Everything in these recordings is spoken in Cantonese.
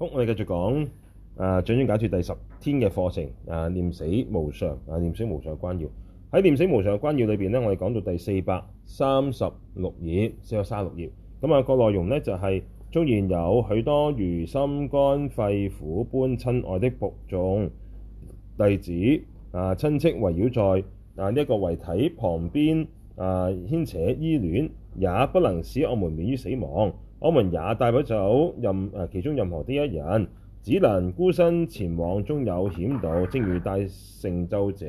好，我哋繼續講，誒、呃，最終解脫第十天嘅課程，啊，念死無常，啊，念死無常嘅關要。喺念死無常嘅關要裏邊咧，我哋講到第四百三十六頁，四百三十六頁。咁啊，個內容咧就係，雖然有許多如心肝肺腑般親愛的僕眾弟子啊，親戚圍繞在啊呢一、這個遺體旁邊，啊牽扯依戀，也不能使我們免於死亡。我們也帶不走任誒其中任何的一人，只能孤身前往中有險道。正如大成就者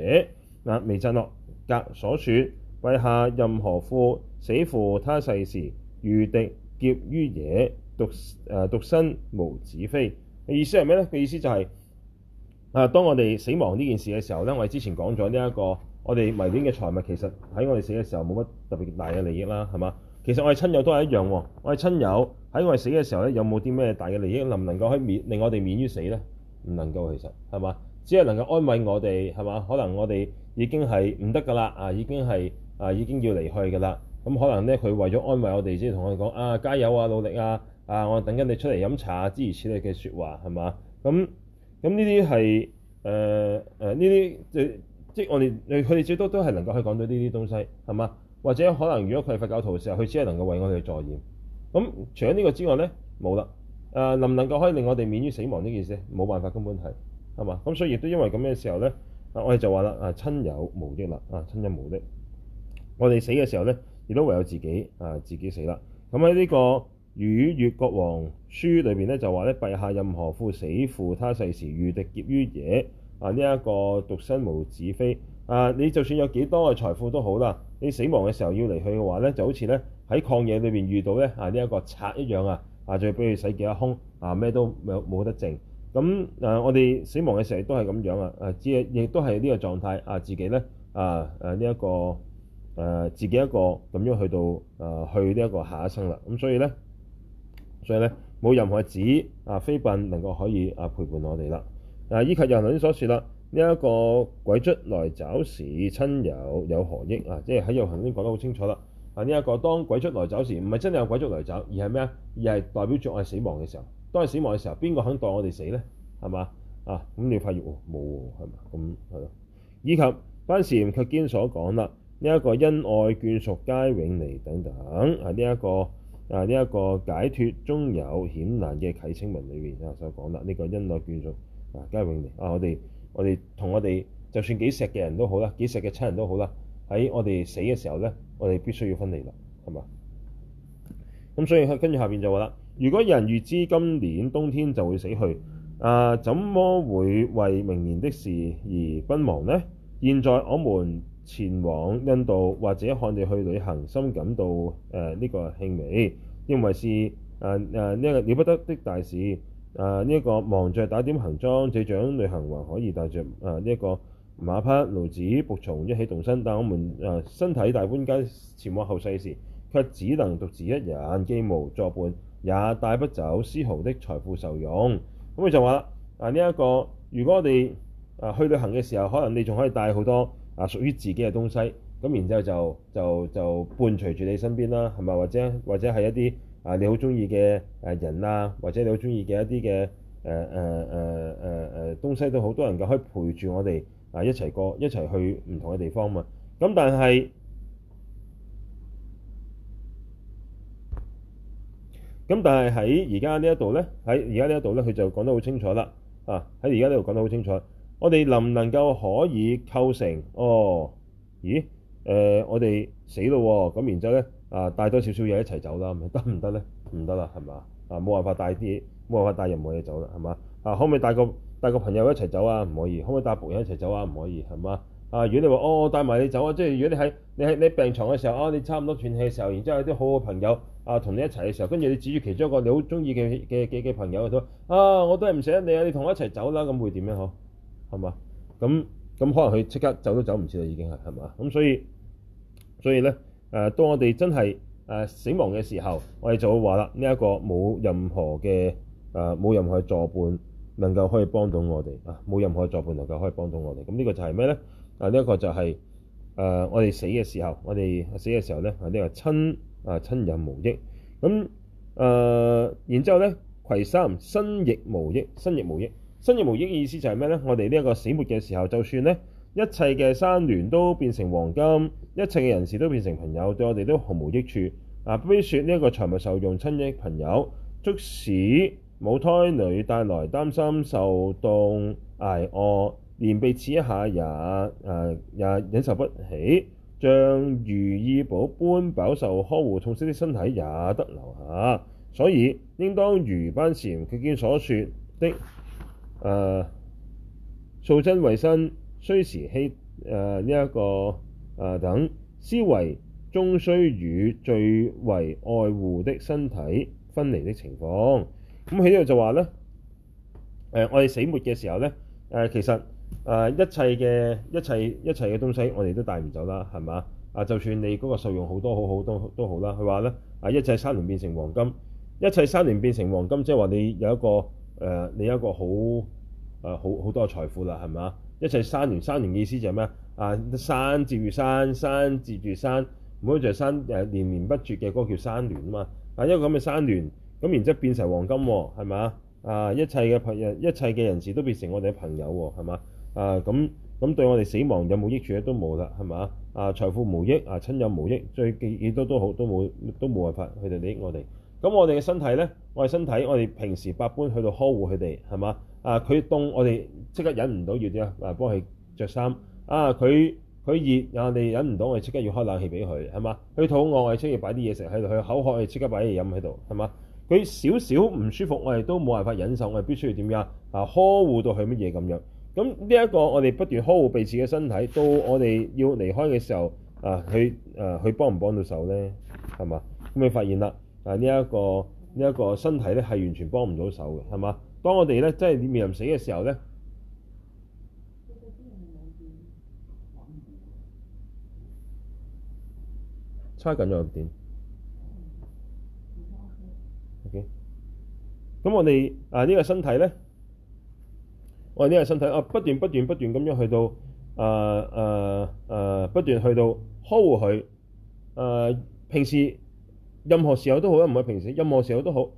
彌札佐格所説：陛下任何富，死赴他世時，如敵劫於野，獨誒獨身無子妃。嘅意思係咩咧？嘅意思就係、是、啊，當我哋死亡呢件事嘅時候咧，我哋之前講咗呢一個，我哋迷戀嘅財物其實喺我哋死嘅時候冇乜特別大嘅利益啦，係嘛？其實我哋親友都係一樣喎，我哋親友喺我哋死嘅時候咧，有冇啲咩大嘅利益能唔能夠喺免令我哋免於死咧？唔能夠，其實係嘛？只係能夠安慰我哋係嘛？可能我哋已經係唔得噶啦啊，已經係啊，已經要離開噶啦。咁可能咧，佢為咗安慰我哋，先同我哋講啊，加油啊，努力啊，啊我等緊你出嚟飲茶啊諸如此類嘅説話係嘛？咁咁呢啲係誒誒呢啲即即係我哋佢哋最多都係能夠去講到呢啲東西係嘛？是吧或者可能，如果佢係佛教徒嘅時候，佢只係能夠為我哋助念。咁除咗呢個之外咧，冇啦。誒能唔能夠可以令我哋免於死亡呢件事咧？冇辦法，根本係係嘛。咁所以亦都因為咁嘅時候咧，我哋就話啦：啊親友無益啦，啊親人無益。我哋死嘅時候咧，亦都唯有自己啊，自己死啦。咁喺呢個與越國王書裏邊咧，就話咧：陛下，任何富死，赴他世時如敵劫於野啊。呢一個獨身無子妃啊，你就算有幾多嘅財富都好啦。你死亡嘅時候要離去嘅話咧，就好似咧喺曠野裏邊遇到咧啊呢一個賊一樣啊啊！就畀佢使幾多空，啊咩都冇冇得剩咁。誒，我哋死亡嘅時候都係咁樣啊。誒，只亦都係呢個狀態啊，自己咧啊誒呢一個誒、啊、自己一個咁樣去到誒、啊、去呢一個下一生啦，咁所以咧所以咧冇任何子啊妃能夠可以啊陪伴我哋啦啊，依舊頭先所説啦。呢一個鬼卒來、啊啊這個、來找時，親友有何益啊？即係喺入行已經講得好清楚啦。啊，呢一個當鬼卒來找時，唔係真係有鬼卒來找，而係咩啊？而係代表著我死亡嘅時候。當係死亡嘅時候，邊個肯代我哋死咧？係嘛啊？咁你發現喎冇喎，係嘛咁係咯。以及班禪卻堅所講啦，呢、這、一個恩愛眷屬皆永離等等啊。呢、這、一個啊，呢、這、一個解脫中有險難嘅啟請文裏面啊所講啦，呢、這個恩愛眷屬啊皆永離啊，我哋。我哋同我哋就算幾錫嘅人都好啦，幾錫嘅親人都好啦，喺我哋死嘅時候咧，我哋必須要分離啦，係嘛？咁所以跟住下邊就話啦，如果有人預知今年冬天就會死去，啊、呃，怎麼會為明年的事而奔忙呢？現在我們前往印度或者漢地去旅行，深感到誒呢、呃這個興味，認為是誒誒呢一個了不得的大事。啊！呢、這、一個忙着打點行裝，這種旅行還可以帶着啊呢一、這個馬匹、騾子、僕從一起動身，但我們啊身體大搬家前往後世時，卻只能獨自一人，既無作伴，也帶不走絲毫的財富受用。咁佢就話啊呢一、這個，如果我哋啊去旅行嘅時候，可能你仲可以帶好多啊屬於自己嘅東西，咁然之後就就就，就伴隨住你身邊啦，係咪？或者或者係一啲。啊！你好鍾意嘅誒人啊，或者你好鍾意嘅一啲嘅誒誒誒誒誒東西，都好多人嘅可以陪住我哋啊一齊過，一齊去唔同嘅地方嘛。咁但係，咁但係喺而家呢一度咧，喺而家呢一度咧，佢就講得好清楚啦。啊，喺而家呢度講得好清楚，我哋能唔能夠可以構成？哦，咦？誒、呃，我哋死咯、啊，咁然之後咧？啊，帶多少少嘢一齊走啦，咪得唔得咧？唔得啦，係嘛？啊，冇辦法帶啲，冇辦法帶任何嘢走啦，係嘛？啊，可唔可以帶個帶個朋友一齊走啊？唔可以，可唔可以帶僕人一齊走啊？唔可以，係嘛？啊，如果你話哦，我帶埋你走啊，即係如果你喺你喺你病床嘅時候啊，你差唔多喘氣嘅時候，然之後有啲好好朋友啊同你一齊嘅時候，跟住你指住其中一個你好中意嘅嘅嘅嘅朋友都講啊，我都係唔捨得你啊，你同我一齊走啦，咁會點樣呵？係嘛？咁咁可能佢即刻走都走唔切啦，已經係係嘛？咁所以所以咧。誒，當、啊、我哋真係誒、啊、死亡嘅時候，我哋就會話啦，呢、這、一個冇任何嘅誒冇任何嘅助伴能夠可以幫到我哋啊，冇任何嘅助伴能夠可以幫到我哋。咁呢個就係咩咧？啊，呢、這、一個就係、是、誒、啊、我哋死嘅時候，我哋死嘅時候咧，呢、這個親啊親人無益。咁誒、啊，然之後咧，癸三身亦無益，身亦無益，身亦無益。無益意思就係咩咧？我哋呢一個死歿嘅時候，就算咧，一切嘅山巒都變成黃金，一切嘅人士都變成朋友，對我哋都毫無益處。啊，不必説呢一個財物受用、親戚朋友，即使母胎女，帶來擔心受凍挨餓，連被刺一下也誒也、啊啊啊啊、忍受不起，像如意寶般飽受呵護痛惜的身體也得留下。所以，應當如班禪卻堅所說的誒、啊，素珍衛身。需時欺誒呢一個誒、呃、等思維，終需與最為愛護的身體分離的情況。咁喺呢度就話咧誒，我哋死歿嘅時候咧誒、呃，其實誒、呃、一切嘅一切一切嘅東西我，我哋都帶唔走啦，係嘛啊？就算你嗰個受用多好多好好都都好啦，佢話咧啊，一切山都變成黃金，一切山都變成黃金，即係話你有一個誒、呃，你有一個好誒、呃、好好多財富啦，係嘛？一切山連山連意思就係咩啊？山接住山，山接住山，咁樣就係山誒連連不絕嘅嗰、那個、叫山連啊嘛。啊一個咁嘅山連咁，然之後變成黃金喎、哦，係嘛啊？一切嘅朋友一切嘅人士都變成我哋嘅朋友喎、哦，係嘛啊？咁咁對我哋死亡有冇益處咧？都冇啦，係咪？啊？財富無益啊，親友無益，最幾幾多都好都冇都冇辦法佢哋利益我哋。咁我哋嘅身體咧，我哋身體，我哋平時百般去到呵護佢哋，係嘛？啊，佢凍，我哋即刻忍唔到要點啊？啊，幫佢着衫。啊，佢佢熱，我哋忍唔到，我哋即刻要開冷氣俾佢，係嘛？佢肚餓，我哋即刻擺啲嘢食喺度；佢口渴，我哋即刻擺嘢飲喺度，係嘛？佢少少唔舒服，我哋都冇辦法忍受，我哋必須要點樣啊？呵護到佢乜嘢咁樣？咁呢一個我哋不斷呵護備至嘅身體，到我哋要離開嘅時候，啊，佢啊，佢幫唔幫到手咧？係嘛？咁你發現啦。啊！呢一個呢一個身體咧，係完全幫唔到手嘅，係嘛？當我哋咧真係面臨死嘅時候咧，差緊咗點？嗯。O.K.，咁我哋啊呢個身體咧，我哋呢個身體啊不斷不斷不斷咁樣去到啊啊啊不斷去到呵護佢啊平時。任何時候都好，唔係平時。任何時候都好，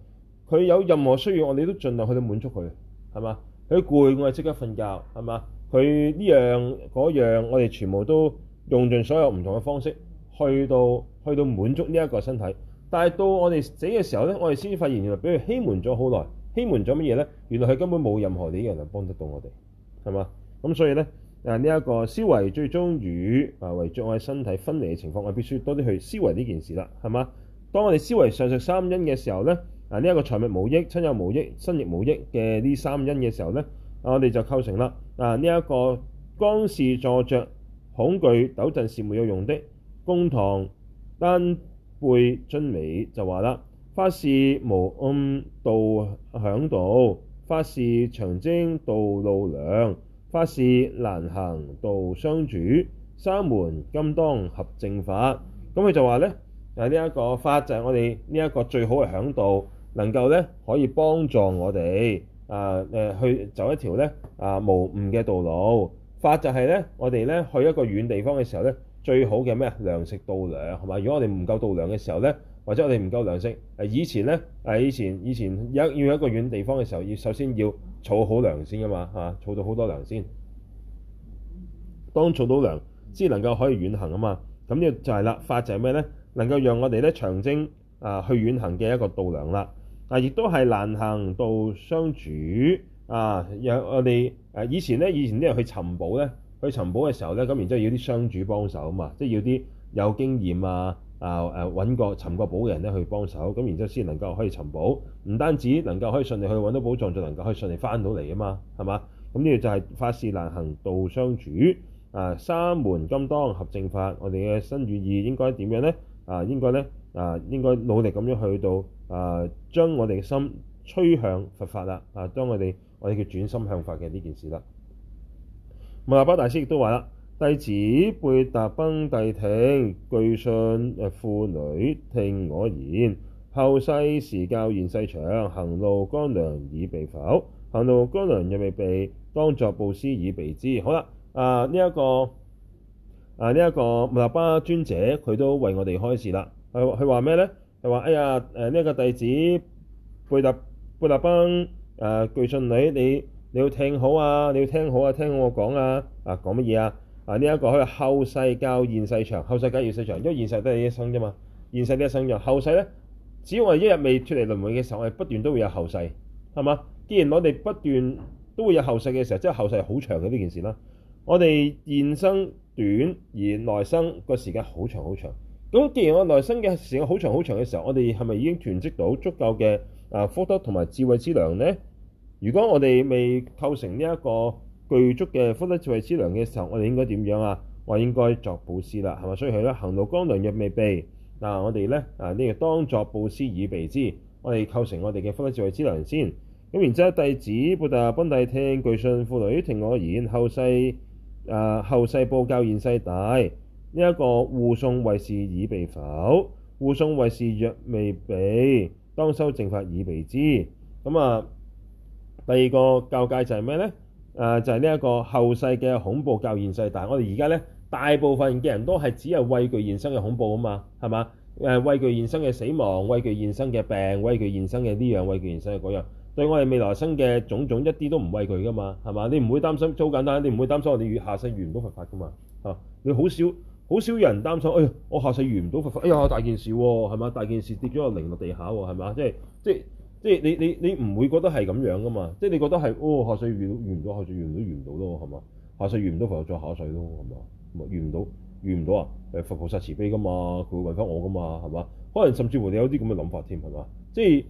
佢有任何需要，我哋都盡量去到滿足佢，係嘛？佢攰，我哋即刻瞓覺，係嘛？佢呢樣嗰樣，我哋全部都用盡所有唔同嘅方式去到去到滿足呢一個身體。但係到我哋死嘅時候呢，我哋先發現原來，俾佢欺瞞咗好耐，欺瞞咗乜嘢呢？原來佢根本冇任何嘅一樣能幫得到我哋，係嘛？咁所以呢，啊呢一個思維最終與啊為著我哋身體分離嘅情況，我必須多啲去思維呢件事啦，係嘛？當我哋思維上述三因嘅時候咧，啊呢一、這個財物無益、親友無益、身亦無益嘅呢三因嘅時候咧，啊我哋就構成啦。啊呢一、這個光是坐着、恐懼、抖震是沒有用的。貢唐丹貝准美就話啦：，法是無諳道嚮導，法是長征道路糧，法是難行道商主。三門今當合正法。咁佢就話咧。啊！呢、這、一個法就係我哋呢一個最好嘅嚮導，能夠咧可以幫助我哋啊誒、啊、去走一條咧啊無誤嘅道路。法就係咧，我哋咧去一個遠地方嘅時候咧，最好嘅咩啊糧食度糧係嘛？如果我哋唔夠度糧嘅時候咧，或者我哋唔夠糧食誒、啊，以前咧誒、啊、以前以前有要一個遠地方嘅時候，要首先要儲好糧先㗎嘛嚇，儲、啊、到好很多糧先。當儲到糧先能夠可以遠行啊嘛，咁呢就係啦。法就係咩咧？能夠讓我哋咧長征啊、呃、去遠行嘅一個道糧啦，啊，亦都係難行道商主啊。讓我哋誒以前咧，以前啲人去尋寶咧，去尋寶嘅時候咧，咁然之後要啲商主幫手啊嘛，即係要啲有經驗啊啊誒揾過尋過寶嘅人咧去幫手，咁然之後先能夠可以尋寶，唔單止能夠可以順利去揾到寶藏，就能夠可以順利翻到嚟啊嘛，係嘛？咁呢個就係法事難行道商主啊。三門今當合正法，我哋嘅身語意應該點樣咧？啊，應該咧啊，應該努力咁樣去到啊，將我哋嘅心吹向佛法啦！啊，當我哋我哋叫轉心向法嘅呢件事啦。密勒日巴大師亦都話啦：「弟子貝達繃諦聽，具信富女聽我言。後世時較現世長，行路乾糧已備否？行路乾糧若未備，當作布施以備之。」好啦，啊呢一、這個。啊！呢、這、一個密勒日巴尊者佢都為我哋開示啦。佢佢話咩咧？佢話：哎呀，誒呢一個弟子貝達貝達繃誒具信女，你你要聽好啊！你要聽好啊！聽我講啊！啊講乜嘢啊？啊呢一、這個可以後世教現世長，後世教現世長，因為現世都係一生啫嘛，現世得一生啫。後世咧，只要我們一日未脱離輪迴嘅時候，我哋不斷都會有後世係嘛。既然我哋不斷都會有後世嘅時候，即係後世好長嘅呢件事啦。我哋現生。短而內生個時間好長好長，咁既然我內生嘅時間好長好長嘅時候，我哋係咪已經囤積到足夠嘅啊福德同埋智慧之糧呢？如果我哋未構成呢一個具足嘅福德智慧之糧嘅時候，我哋應該點樣啊？我應該作布施啦，係咪？所以佢啦，行路乾糧若未備，嗱我哋咧啊呢個當作布施以備之，我哋構成我哋嘅福德智慧之糧先。咁然之後弟子貝達繃諦聽，具信富女聽我言，後世。啊！後世怖較現世大，呢一個護送衛士已備否？護送衛士若未備，當修正法以備之。咁啊，第二個教戒就係咩呢？誒、啊、就係呢一個後世嘅恐怖較現世大。我哋而家呢，大部分嘅人都係只係畏懼現生嘅恐怖啊嘛，係嘛？誒畏懼現生嘅死亡，畏懼現生嘅病，畏懼現生嘅呢樣，畏懼現生嘅嗰樣。對我哋未來生嘅種種一啲都唔畏佢噶嘛，係嘛？你唔會擔心，即係好簡單，你唔會擔心我哋下世遇唔到佛法噶嘛？嚇！你好少好少人擔心，哎呀，我下世遇唔到佛法，哎呀大件事喎，係嘛？大件事跌咗個零落地下喎，係嘛？即係即係即係你你你唔會覺得係咁樣噶嘛？即係你覺得係哦，下世遇遇唔到，下世遇唔到遇唔到咯，係嘛？下世遇唔到佛法就再下世咯，係嘛？唔遇唔到遇唔到啊？誒，佛菩薩慈悲噶嘛，佢會揾翻我噶嘛，係嘛？可能甚至乎你有啲咁嘅諗法添，係嘛？即係。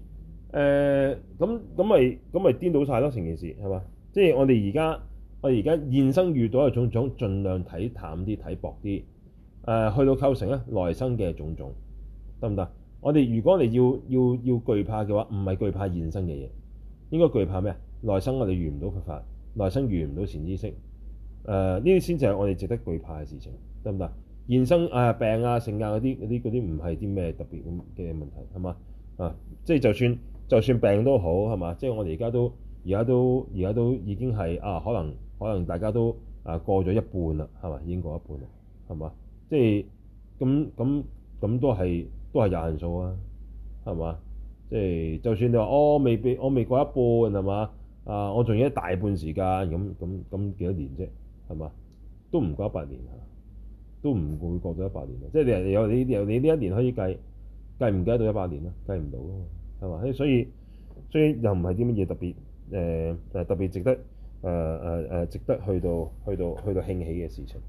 誒，咁咁咪咁咪顛倒晒咯，成件事係嘛？即係我哋而家我哋而家現生遇到嘅種種，盡量睇淡啲睇薄啲。誒、呃、去到構成咧內生嘅種種得唔得？我哋如果你要要要懼怕嘅話，唔係懼怕現生嘅嘢，應該懼怕咩啊？內生我哋遇唔到佛法，內生遇唔到善知識。誒，呢啲先至係我哋值得懼怕嘅事情，得唔得？現生啊、呃、病啊性啊嗰啲嗰啲嗰啲唔係啲咩特別嘅問題係嘛啊？即係就算。就算病都好係嘛，即係我哋而家都而家都而家都已經係啊，可能可能大家都啊過咗一半啦，係嘛已經過一半啦，係嘛，即係咁咁咁都係都係有限數啊，係嘛，即係就算你話哦，未必我未過一半係嘛啊，我仲要一大半時間咁咁咁幾多年啫，係嘛都唔過一百年啊，都唔會過咗一百年，即係你又你又你呢一年可以計計唔計到一百年啦，計唔到啊。係嘛？所以所以又唔係啲乜嘢特別誒誒、呃、特別值得誒誒誒值得去到去到去到興起嘅事情。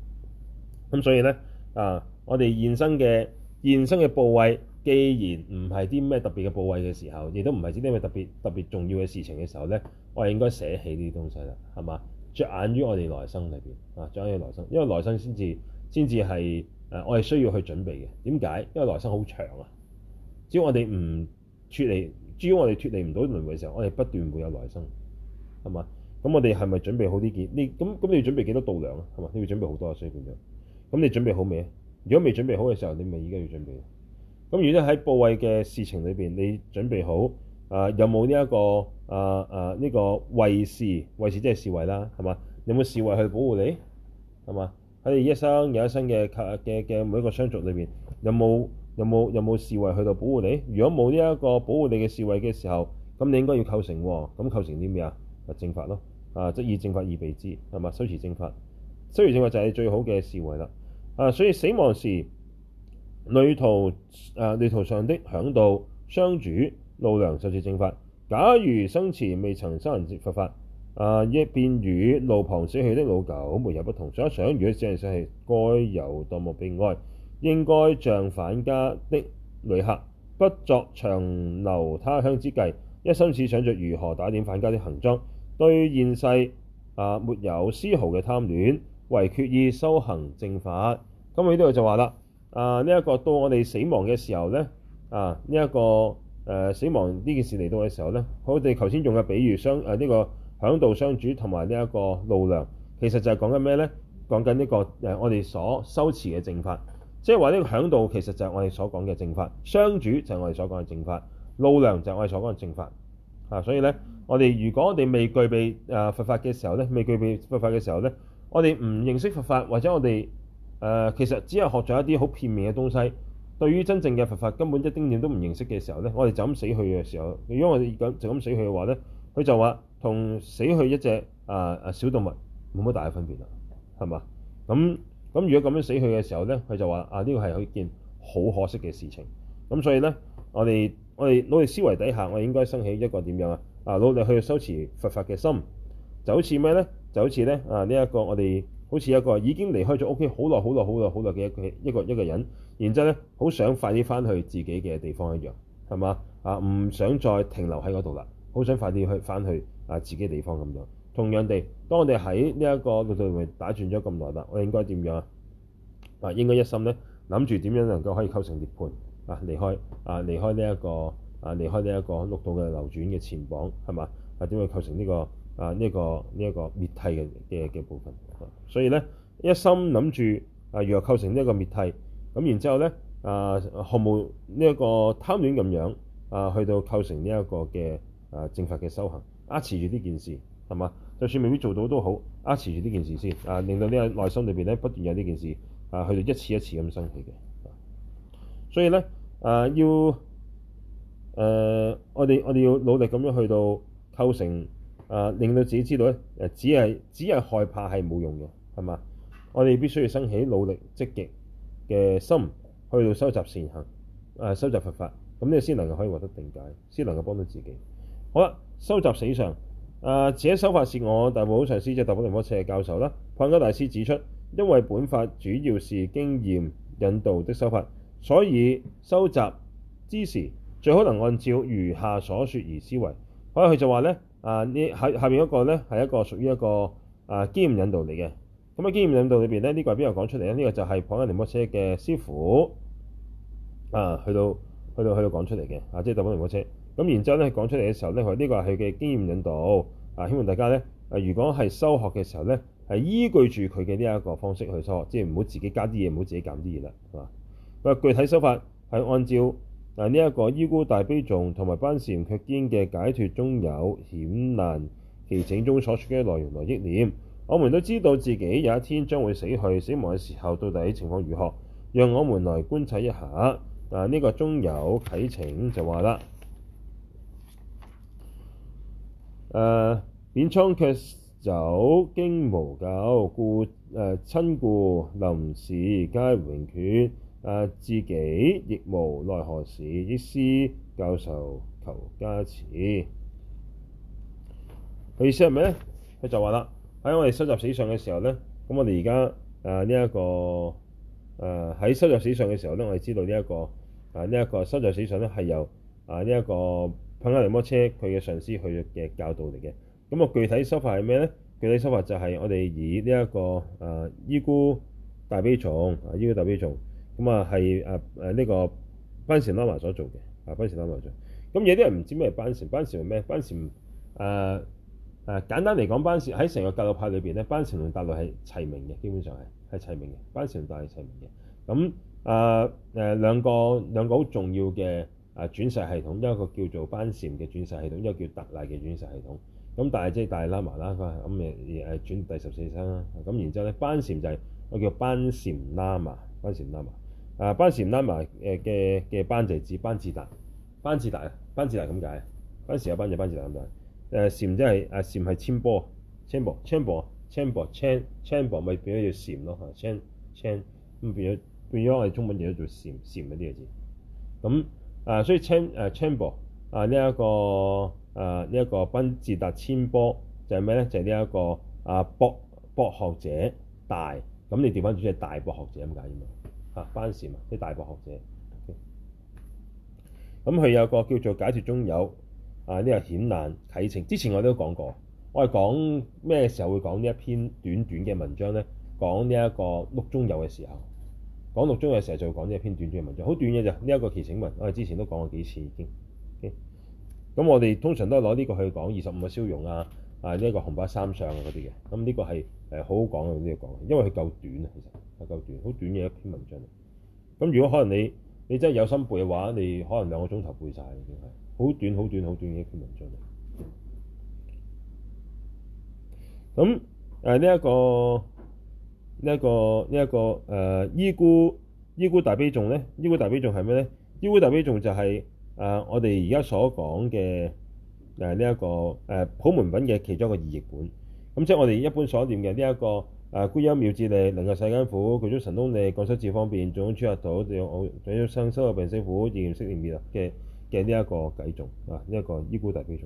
咁所以咧啊，我哋現生嘅現生嘅部位，既然唔係啲咩特別嘅部位嘅時候，亦都唔係啲咩特別特別重要嘅事情嘅時候咧，我哋應該捨棄呢啲東西啦，係嘛？着眼於我哋來生裏邊啊，着眼於來生，因為來生先至先至係誒，我係需要去準備嘅。點解？因為來生好長啊，只要我哋唔～脫離，至於我哋脫離唔到輪迴嘅時候，我哋不斷會有來生，係嘛？咁我哋係咪準備好啲嘢？你咁咁你要準備幾多度糧？啊？係嘛？你要準備好多啊，所以變咗。咁你準備好未啊？如果未準備好嘅時候，你咪而家要準備。咁如果喺部位嘅事情裏邊，你準備好，誒、呃、有冇呢一個誒誒呢個衞士？衞士即係侍衛啦，係嘛？有冇侍衛去保護你？係嘛？喺你一生又一生嘅嘅嘅每一個相續裏邊，有冇？有冇有冇侍衞去到保護你？如果冇呢一個保護你嘅侍衞嘅時候，咁你應該要構成喎、哦。咁構成啲咩啊？就正法咯。啊，即以正法以備之，係嘛？修持正法，修持正法就係最好嘅侍衞啦。啊，所以死亡時旅途啊旅途上的嚮導、商主、路糧就是正法。假如生前未曾修行佛法，啊，亦便與路旁死去的老狗沒有不同。想一想，如果死人死去，該有多麼悲哀？應該像返家的旅客，不作長留他鄉之計，一心只想着如何打點返家的行裝，對現世啊沒有絲毫嘅貪戀，唯決意修行正法。咁我呢度就話啦，啊呢一個到我哋死亡嘅時候呢，啊呢一個誒死亡呢件事嚟到嘅時候呢，我哋頭先用嘅比喻相誒呢個嚮導商主同埋呢一個路糧，其實就係講緊咩呢？講緊呢個誒我哋所修持嘅正法。即係話呢個嚮導，其實就係我哋所講嘅正法；商主就係我哋所講嘅正法；路糧就係我哋所講嘅正法。啊，所以咧，我哋如果我哋未具備誒、呃、佛法嘅時候咧，未具備佛法嘅時候咧，我哋唔認識佛法，或者我哋誒、呃、其實只係學咗一啲好片面嘅東西，對於真正嘅佛法根本一丁點,點都唔認識嘅時候咧，我哋就咁死去嘅時候，如果我哋咁就咁死去嘅話咧，佢就話同死去的一隻誒誒、呃、小動物冇乜大嘅分別啦，係嘛？咁。咁如果咁樣死去嘅時候咧，佢就話：啊，呢個係一件好可惜嘅事情。咁所以咧，我哋我哋努力思維底下，我哋應該生起一個點樣啊？啊，努力去修持佛法嘅心，就好似咩咧？就好似咧啊呢一個我哋好似一個已經離開咗屋企好耐、好耐、好耐、好耐嘅一個一個一個人，然之後咧，好想快啲翻去自己嘅地方一樣，係嘛？啊，唔想再停留喺嗰度啦，好想快啲去翻去啊自己地方咁樣。同樣地，當我哋喺、這個、呢一、啊這個啊、個六道裡面打轉咗咁耐啦，我應該點樣啊？啊，應該一心咧，諗住點樣能夠可以構成涅槃啊，離開啊，離開呢一個啊，離開呢一個六道嘅流轉嘅牽絆係嘛？啊，點去構成呢個、這個、啊呢個呢一個滅諦嘅嘅部分？所以咧，一心諗住啊，如何構成呢一個滅諦咁，然之後咧啊，毫無呢一個貪戀咁樣啊，去到構成呢一個嘅啊正法嘅修行啊，持住呢件事。係嘛？就算未必做到都好，壓持住呢件事先，啊，令到你嘅內心裏邊咧不斷有呢件事，啊，去到一次一次咁生起嘅。所以咧，啊，要，誒、呃，我哋我哋要努力咁樣去到構成，啊，令到自己知道咧，誒、啊，只係只係害怕係冇用嘅，係嘛？我哋必須要生起努力積極嘅心，去到收集善行，誒、啊，收集佛法，咁咧先能夠可以獲得定解，先能夠幫到自己。好啦，收集死相。啊！這修法是我大寶上師即係達波仁波切教授啦，帕繃喀大師指出，因為本法主要是經驗引導的修法，所以修習之時最好能按照如下所說而思維。咁啊，佢就話咧，啊呢喺下邊一個咧係一個屬於一個啊經驗引導嚟嘅。咁啊，經驗引導裏邊咧呢、這個係邊度講出嚟咧？呢、這個就係帕繃喀仁波切嘅師傅啊，去到去到去到講出嚟嘅啊，即係達波仁波切。咁然之後咧講出嚟嘅時候咧，佢呢個係佢嘅經驗引導啊。希望大家咧，如果係修學嘅時候咧，係依據住佢嘅呢一個方式去修，即係唔好自己加啲嘢，唔好自己減啲嘢啦。啊，具體修法係按照啊呢一、這個依怙大悲頌同埋班禪卻堅嘅解脫中有險難啟請中所說嘅內容來憶念。我們都知道自己有一天將會死去，死亡嘅時候到底情況如何？讓我們來觀察一下啊。呢、這個中有啟請就話啦。誒、呃、扁倉卻走經無救，故誒、呃、親故臨視皆永訣。誒、呃、自己亦無奈何時，憶師教授求加持。佢意思係咩咧？佢就話啦，喺我哋修習死相嘅時候咧，咁我哋而家誒呢一個誒喺、呃、修習死相嘅時候咧，我哋知道呢、這、一個誒呢一個修習死相咧係由誒呢一個。噴油離摩車，佢嘅上師佢嘅教導嚟嘅。咁啊，具體修法係咩咧？具體修法就係我哋以呢、這、一個誒依怙大悲頌啊，依怙大悲頌。咁啊，係誒誒呢個班禪喇嘛所做嘅，啊班禪喇嘛做。咁有啲人唔知咩係班禪，班禪係咩？班禪誒誒簡單嚟講，班禪喺成個格魯派裏邊咧，班禪同達賴係齊名嘅，基本上係係齊名嘅。班禪同達賴係齊名嘅。咁誒誒兩個兩個好重要嘅。啊！轉世系統，一個叫做班禪嘅轉世系統，一個叫達賴嘅轉世系統。咁但係即係大喇嘛啦，咁咪誒轉第十四生啦。咁然之後咧，班禪就係我叫班禪喇嘛，班禪喇嘛啊，班禪喇嘛誒嘅嘅班就係指班智達，班智達、就是，班智達咁解，班禪有班就班智達咁解。誒禪即係啊，禪係、就、千、是啊、波，千波，千波，千波，千波咪、啊、變咗叫禪咯嚇，千咁變咗變咗我哋中文叫做禪禪嗰啲字咁。啊，所以 Chamber 啊，這個啊這個、Ch bo，呢一個誒呢一個賓捷達千波就係咩咧？就係呢一個啊博博學者大，咁你調翻轉即係大博學者咁解嘅嘛？嚇、啊、班士嘛即係大博學者。咁佢有個叫做解脫中有啊呢、這個險難啟請。之前我都講過，我係講咩時候會講呢一篇短短嘅文章咧？講呢一個屋中有嘅時候。講六中嘅時候就講呢一篇短篇文章，好短嘅就呢一個《鵲醒文》，我哋之前都講過幾次已經咁、okay? 我哋通常都係攞呢個去講二十五個消融啊，啊呢一個紅白三相嗰啲嘅。咁呢個係好好講嘅呢個講，因為佢夠短啊，其實係夠短，好短嘅一篇文章。咁如果可能你你真係有心背嘅話，你可能兩個鐘頭背晒，已經係好短、好短、好短嘅一篇文章。咁呢一個。呢一個呢一個誒依怙依怙大悲頌咧，依怙大悲頌係咩咧？依怙大悲頌就係誒我哋而家所講嘅誒呢一個誒普門品嘅其中一個異譯本。咁即係我哋一般所念嘅呢一個誒觀音妙智力，能救世間苦，具足神通力，廣修智方便，總能出入道利用我，總能生修嘅病死苦，現色離滅嘅嘅呢一個偈頌啊，呢一個依怙大悲頌。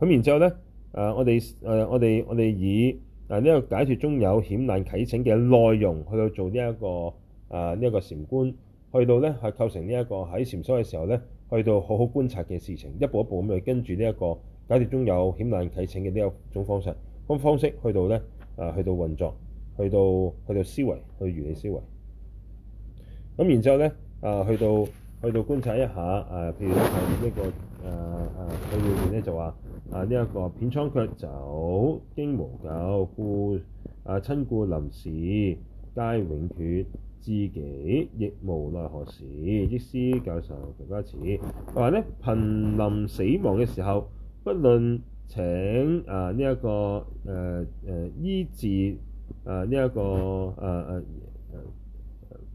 咁然之後咧誒我哋誒我哋我哋以.嗱呢一個解脫中有險難啟請嘅內容，去到做呢、這、一個啊呢一、這個禪觀，去到咧係構成呢一個喺禪修嘅時候咧，去到好好觀察嘅事情，一步一步咁去跟住呢一個解脫中有險難啟請嘅呢一種方式，咁方式去到咧啊去到運作，去到去到思維，去如理思維。咁然之後咧啊去到去到觀察一下啊，譬如係呢、這個。誒誒，佢裏面咧就話：誒呢一個扁倉卻走經無救，顧，啊親故臨視皆永訣自己，亦無奈何時，憶師教授求加持。話咧，瀕臨死亡嘅時候，不論請啊呢一、這個、啊呃呃、醫治啊呢一、這個啊啊、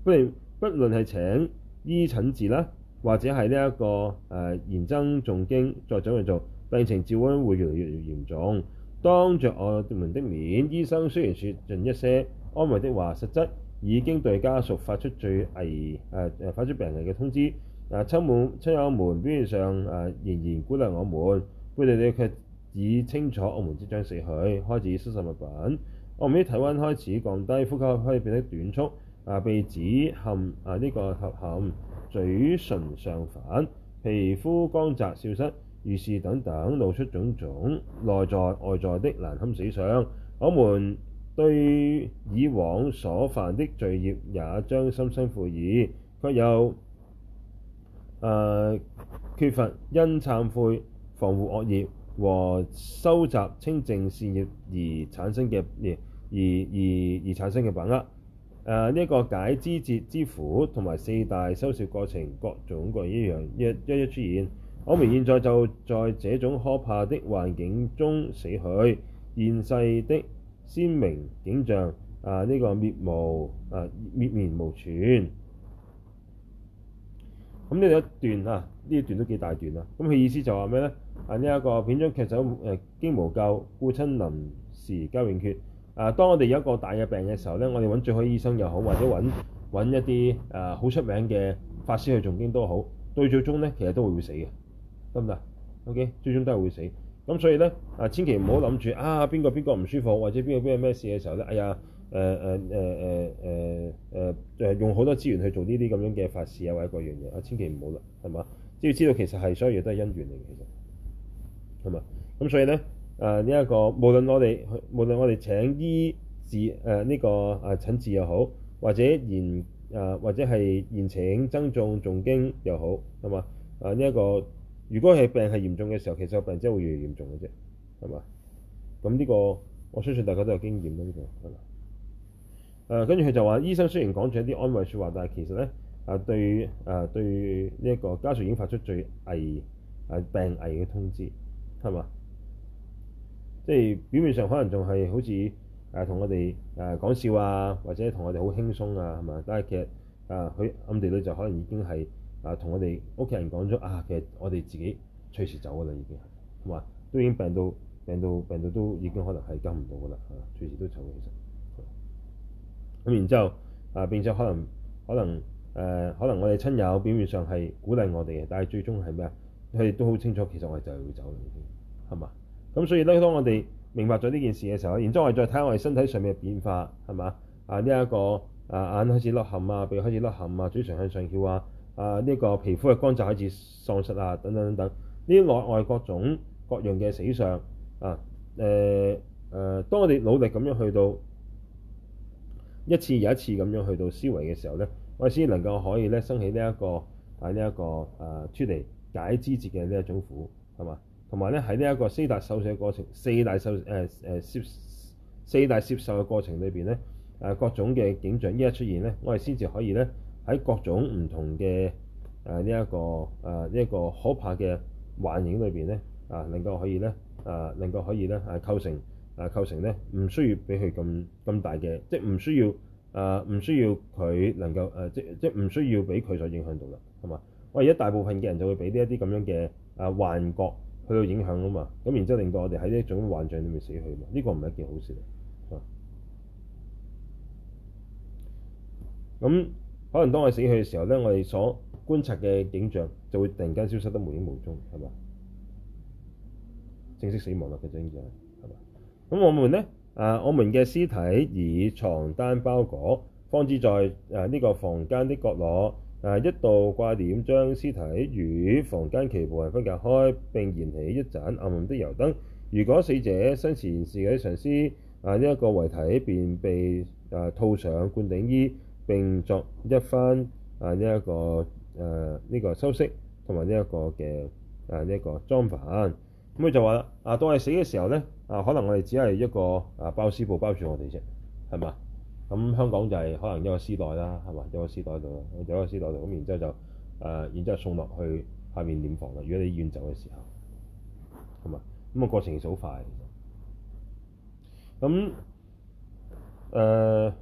不不論係請醫診治啦。或者係呢一個誒延僧誦經再準備做，病情照樣會越嚟越嚴重。當着我們的面，醫生雖然說盡一些安慰的話，實質已經對家屬發出最危誒誒、啊、發出病危嘅通知。啊，親滿親友們，表面上誒仍然鼓勵我們，背地裏卻已清楚我們即將死去，開始收拾物品。我們的體溫開始降低，呼吸開始變得短促，啊，鼻子陷啊呢、這個塌陷。嘴唇上翻，皮膚光澤消失，如是等等露出種種內在外在的難堪死相。我們對以往所犯的罪業也將深深，也將心生悔意，卻、呃、又缺乏因懺悔防護惡、防護惡業和收集清淨善業而產生嘅而而而而產生嘅把握。誒呢一個解支節之苦，同埋四大收攝過程各種各樣一一一出現。我們現在就在這種可怕的環境中死去，現世的鮮明景象啊，呢、這個滅無啊滅面無存。咁呢一段啊，呢一段都幾大段啊。咁佢意思就話咩呢？啊呢一、這個扁倉卻走誒經無救，孤親臨視皆永訣。啊！當我哋有一個大嘅病嘅時候咧，我哋揾最好嘅醫生又好，或者揾揾一啲啊好出名嘅法師去誦經都好，最終咧，其實都會會死嘅行行、okay? 都會死嘅，得唔得？OK，最終都係會死。咁所以咧啊，千祈唔好諗住啊，邊個邊個唔舒服，或者邊個邊個咩事嘅時候咧，哎呀，誒誒誒誒誒誒用好多資源去做呢啲咁樣嘅法事啊或者嗰樣嘢、啊，千祈唔好啦，係嘛？只要知道其實係所有嘢都係因緣嚟嘅，其實係咪？咁所以咧。誒呢一個無論我哋無論我哋請醫治誒呢、啊這個誒、啊、診治又好，或者延、啊、或者係延請僧眾誦經又好，係嘛？誒呢一個如果係病係嚴重嘅時候，其實個病真係會越嚟越嚴重嘅啫，係嘛？咁呢個我相信大家都有經驗啦，呢個係嘛？誒跟住佢就話，醫生雖然講住一啲安慰說話，但係其實咧、啊、對、啊、對呢一個家屬已經發出最危、啊、病危嘅通知，係嘛？即係表面上可能仲係好似誒同我哋誒、呃、講笑啊，或者同我哋好輕鬆啊，係嘛？但係其實啊，佢、呃、暗地裏就可能已經係啊，同我哋屋企人講咗啊，其實我哋自己隨時走噶啦，已經係嘛，都已經病到病到病到，病到都已經可能係救唔到噶啦，隨時都走嘅，其實咁然之後啊，並且可能可能誒、呃，可能我哋親友表面上係鼓勵我哋嘅，但係最終係咩啊？佢哋都好清楚，其實我哋就係會走嘅，係嘛？咁所以咧，當我哋明白咗呢件事嘅時候，然之後看我哋再睇我哋身體上面嘅變化，係嘛？啊呢一、這個啊眼開始凹陷啊，鼻開始凹陷上上啊，嘴唇向上翹啊，啊呢個皮膚嘅光澤開始喪失啊，等等等等，呢啲內外各種各樣嘅死相啊誒誒、呃呃，當我哋努力咁樣去到一次又一次咁樣去到思維嘅時候咧，我哋先能夠可以咧生起呢、這、一個喺呢一個誒、啊、出嚟解肢節嘅呢一種苦，係嘛？同埋咧，喺呢一個四大受受嘅過程，四大受誒、呃、四大攝受嘅過程裏面咧，各種嘅景象依家出現咧，我哋先至可以咧喺各種唔同嘅呢一個呢一、呃呢個可怕嘅幻影裏面咧啊、呃，能夠可以咧啊、呃、能夠可以咧構成啊構成咧，唔需要俾佢咁咁大嘅，即係唔需要、呃、唔需要佢能夠即即唔需要俾佢所影響到啦，係嘛？我而家大部分嘅人就會俾呢一啲咁樣嘅啊幻覺。去到影響啊嘛，咁然之後令到我哋喺呢一種幻象裏面死去嘛，呢、這個唔係一件好事嚟。咁可能當我死去嘅時候咧，我哋所觀察嘅景象就會突然間消失得無影無蹤，係嘛？正式死亡啦嘅真相係嘛？咁我們咧啊，我們嘅屍體以床單包裹，放置在誒呢個房間的角落。啊、一道掛簾將屍體與房間其部分分隔開，並燃起一盞暗暗的油燈。如果死者生前是嘅上師，啊一、呢個遺體便被、啊、套上灌頂衣，並作一番啊一呢修飾同埋呢一個嘅啊一裝扮。咁佢就話啦：啊，當、這、你死嘅時候咧，啊可能我哋只係一個啊包屍布包住我哋啫，係嘛？咁香港就係可能有一個屍袋啦，係嘛？一個屍袋度，有一個屍袋度，咁然之後就誒、呃，然之後送落去下面殮房啦。如果你醫院走嘅時候，係嘛？咁、那、啊、個、過程其實好快，咁誒，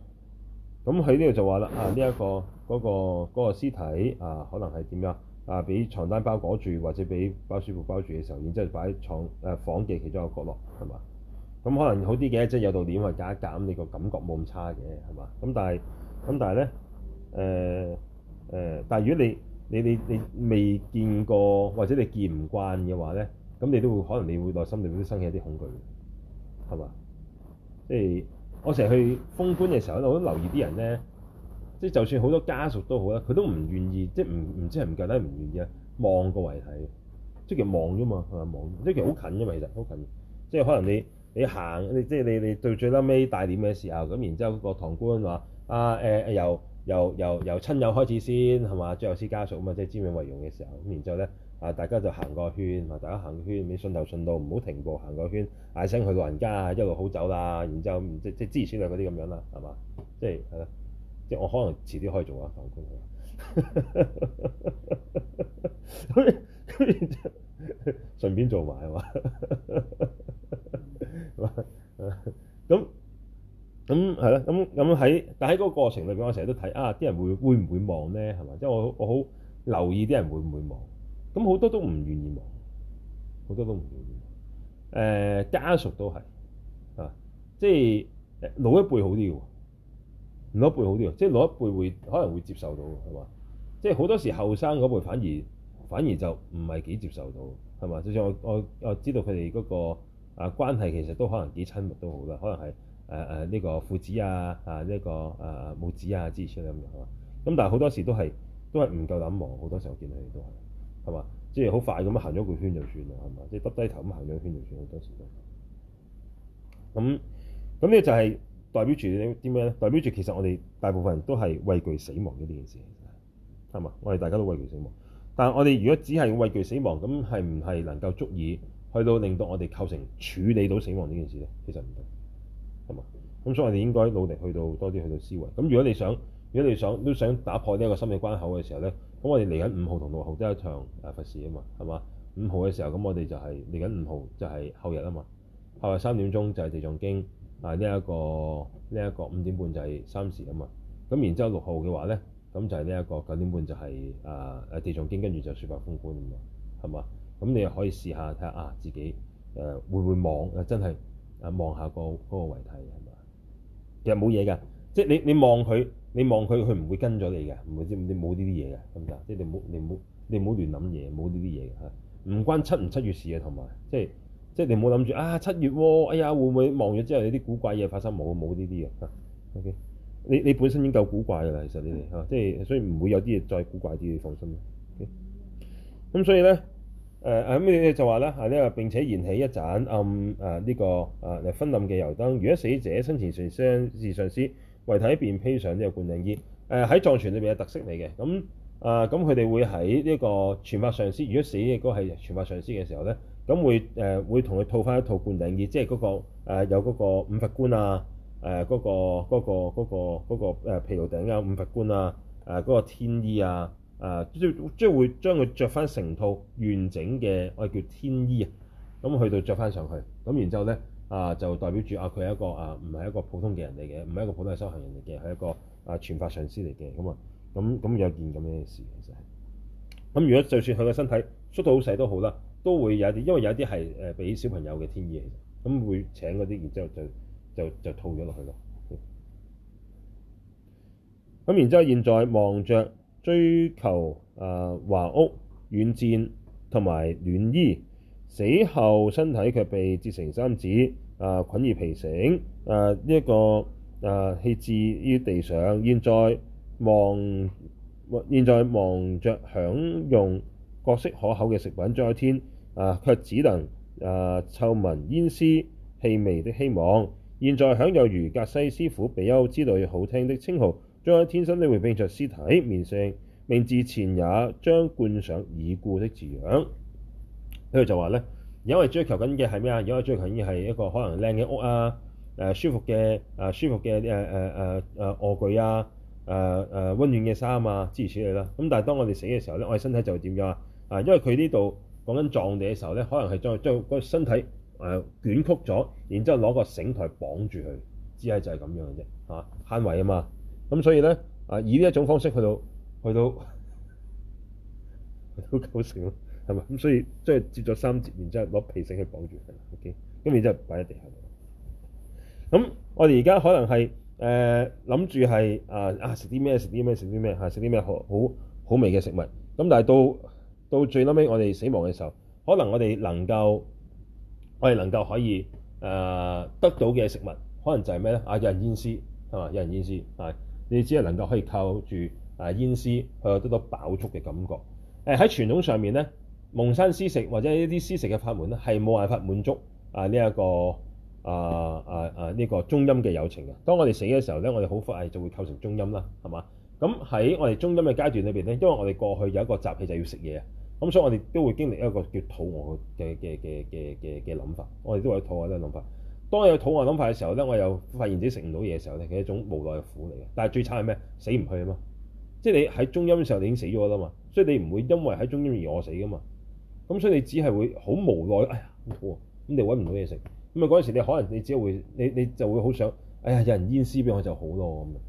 咁佢呢度就話啦，啊呢一、這個嗰、這個嗰、這個屍、這個這個、體啊，可能係點樣啊？俾床單包裹住，或者俾包書包包住嘅時候，然之後擺喺牀誒房嘅其中一個角落，係嘛？咁、嗯、可能好啲嘅，即係有度點話減一減，你個感覺冇咁差嘅，係嘛？咁但係咁但係咧，誒誒，但係、呃呃、如果你你你你未見過，或者你見唔慣嘅話咧，咁你都會可能你會內心裏面都生起一啲恐懼，係嘛？即、欸、係我成日去封棺嘅時候，我都留意啲人咧，即係就算好多家屬都好啦，佢都唔願意，即係唔唔知係唔夠膽，唔願意啊，望個遺體，即係望咗嘛，係嘛？望，即係其實好近嘅嘛，其實好近，即係可能你。你行，你即、就是、你你到最撚尾大殮嘅時候，咁然之後個堂官話，啊誒、呃、由由由由親友開始先係嘛，最後先家屬啊嘛，即、就、係、是、瞻仰遺容嘅時候，咁然之後咧，啊大家就行個圈，大家行圈，你順頭順路唔好停步，行個圈，嗌聲去老人家啊一路好走啦，然之後即即支持前嗰啲咁樣啦，係嘛？即係即，即，即，即我可能遲啲可以做啊堂官，咁咁然之後順便做埋係嘛？是吧。係啦，咁咁喺，但喺嗰個過程裏邊，我成日都睇啊，啲人會會唔會忘咧？係嘛，即係我我好留意啲人會唔會忘。咁好多都唔願意忘，好多都唔願意。誒、呃，家屬都係啊，即係老一輩好啲嘅，老一輩好啲嘅，即係老一輩會可能會接受到，係嘛？即係好多時後生嗰輩反而反而就唔係幾接受到，係嘛？就算我我我知道佢哋嗰個啊關係其實都可能幾親密都好啦，可能係。誒誒，呢、啊啊這個父、啊、子啊啊，呢個誒母子啊，之類咁樣，係嘛？咁但係好多時都係都係唔夠膽望，好多時候,多時候見到佢哋都係係嘛，即係好快咁樣行咗個圈就算啦，係嘛？即係耷低頭咁行咗個圈就算，好多時都咁咁呢就係代表住啲咩咧？代表住其實我哋大部分人都係畏懼死亡呢件事嘅係嘛？我哋大家都畏懼死亡，但係我哋如果只係畏懼死亡，咁係唔係能夠足以去到令到我哋構成處理到死亡呢件事咧？其實唔得。咁所以我哋應該努力去到多啲去到思維。咁如果你想，如果你想都想打破呢一個心理關口嘅時候呢，咁我哋嚟緊五號同六號都係一場誒、呃、佛事啊嘛，係嘛？五號嘅時候，咁我哋就係嚟緊五號就係後日啊嘛，後日三點鐘就係地藏經啊，呢一個呢一個五點半就係三時啊嘛。咁然之後六號嘅話呢，咁就係呢一個九點半就係誒誒地藏經，跟、啊、住、這個這個、就説法封觀啊嘛，係、就是呃、嘛？咁你又可以試下睇下啊，自己誒、呃、會唔會忙啊？真係。看看看啊！望下個嗰個遺體係咪？其實冇嘢噶，即係你你望佢，你望佢，佢唔會跟咗你嘅，唔會知唔知你冇呢啲嘢嘅，咁唔即係你唔好你唔你唔好亂諗嘢，冇呢啲嘢嚇，唔關七唔七月事啊，同埋即係即係你唔好諗住啊七月喎、啊，哎呀會唔會望咗之後有啲古怪嘢發生？冇冇呢啲嘅嚇。啊、o、okay? K，你你本身已經夠古怪噶啦，其實你哋嚇、啊，即係所以唔會有啲嘢再古怪啲，你放心。咁、okay? 所以咧。誒誒咁你就話咧啊！你個並且燃起一盞暗，誒呢個誒昏暗嘅油燈。如、啊、果死者生前是相是上師，遺體便披上呢個灌頂衣。誒喺藏傳裏邊係特色嚟嘅。咁、嗯、啊咁佢哋會喺呢個傳法上師。如果死嘅嗰個係傳法上師嘅時候咧，咁會誒、呃、會同佢套翻一套灌頂衣，即係嗰、那個、呃、有嗰個五佛冠啊誒嗰、呃那個嗰、那個嗰、那個嗰、那個誒皮爐頂啊五佛冠啊誒嗰個天衣啊。誒即即會將佢着翻成套完整嘅我哋叫天衣啊，咁去到着翻上去，咁然之後咧啊就代表住啊佢係一個啊，唔係一個普通嘅人嚟嘅，唔係一個普通嘅修行人嚟嘅，係一個啊傳法上師嚟嘅咁啊，咁咁有件咁樣嘅事其實係，咁如果就算佢嘅身體縮到好細都好啦，都會有啲，因為有啲係誒俾小朋友嘅天衣，咁會請嗰啲，然之後就就就套咗落去咯。咁、嗯、然之後現在望著。追求誒、呃、華屋軟墊同埋暖衣，死後身體卻被折成三指，啊、呃、捆而皮繩，誒、呃、呢一個誒棄置於地上。現在望，現在望著享用各式可口嘅食品再天，啊、呃、卻只能誒嗅、呃、聞煙施氣味的希望。現在享有如格西師傅、比丘之類好聽的稱號。將天生呢會變着屍體面相，名字前也將冠上已故的字樣。佢就話咧，因為追求緊嘅係咩啊？因為追求緊嘅係一個可能靚嘅屋啊，誒、啊、舒服嘅誒、啊、舒服嘅誒誒誒誒臥具啊，誒誒溫暖嘅衫啊，諸如此類啦。咁但係當我哋死嘅時候咧，我哋身體就會點樣啊？啊，因為佢呢度講緊葬地嘅時候咧，可能係將將個身體誒捲曲咗，然之後攞個繩台綁住佢，只係就係、是、咁樣嘅啫嚇，慳位啊嘛～咁所以咧，啊，以呢一種方式去到去到去到構成咯，係咪？咁所以即係接咗三節，然之後攞皮繩去綁住佢，OK。咁然之後擺喺地下度。咁我哋而家可能係誒諗住係啊啊食啲咩？食啲咩？食啲咩？嚇食啲咩？好好好味嘅食物。咁但係到到最尾我哋死亡嘅時候，可能我哋能夠我哋能夠可以誒、啊、得到嘅食物，可能就係咩咧？啊，有人煙施係嘛，有人煙施係。你只係能夠可以靠住啊煙施去得到飽足嘅感覺。誒喺傳統上面咧，蒙山施食或者一啲施食嘅法門咧，係冇辦法滿足、這個呃、啊呢一個啊啊啊呢個中陰嘅有情嘅。當我哋死嘅時候咧，我哋好快就會構成中陰啦，係嘛？咁喺我哋中陰嘅階段裏邊咧，因為我哋過去有一個習氣就係要食嘢啊，咁所以我哋都會經歷一個叫肚餓嘅嘅嘅嘅嘅嘅諗法。我哋都會有肚餓嘅諗法。當有肚餓諗法嘅時候咧，我又發現自己食唔到嘢嘅時候咧，係一種無奈嘅苦嚟嘅。但係最慘係咩？死唔去啊嘛！即係你喺中陰嘅時候你已經死咗啦嘛，所以你唔會因為喺中陰而餓死噶嘛。咁所以你只係會好無奈，哎呀好肚餓，咁你揾唔到嘢食，咁啊嗰陣時候你可能你只係會你你就會好想，哎呀有人煙施俾我就好咯咁啊，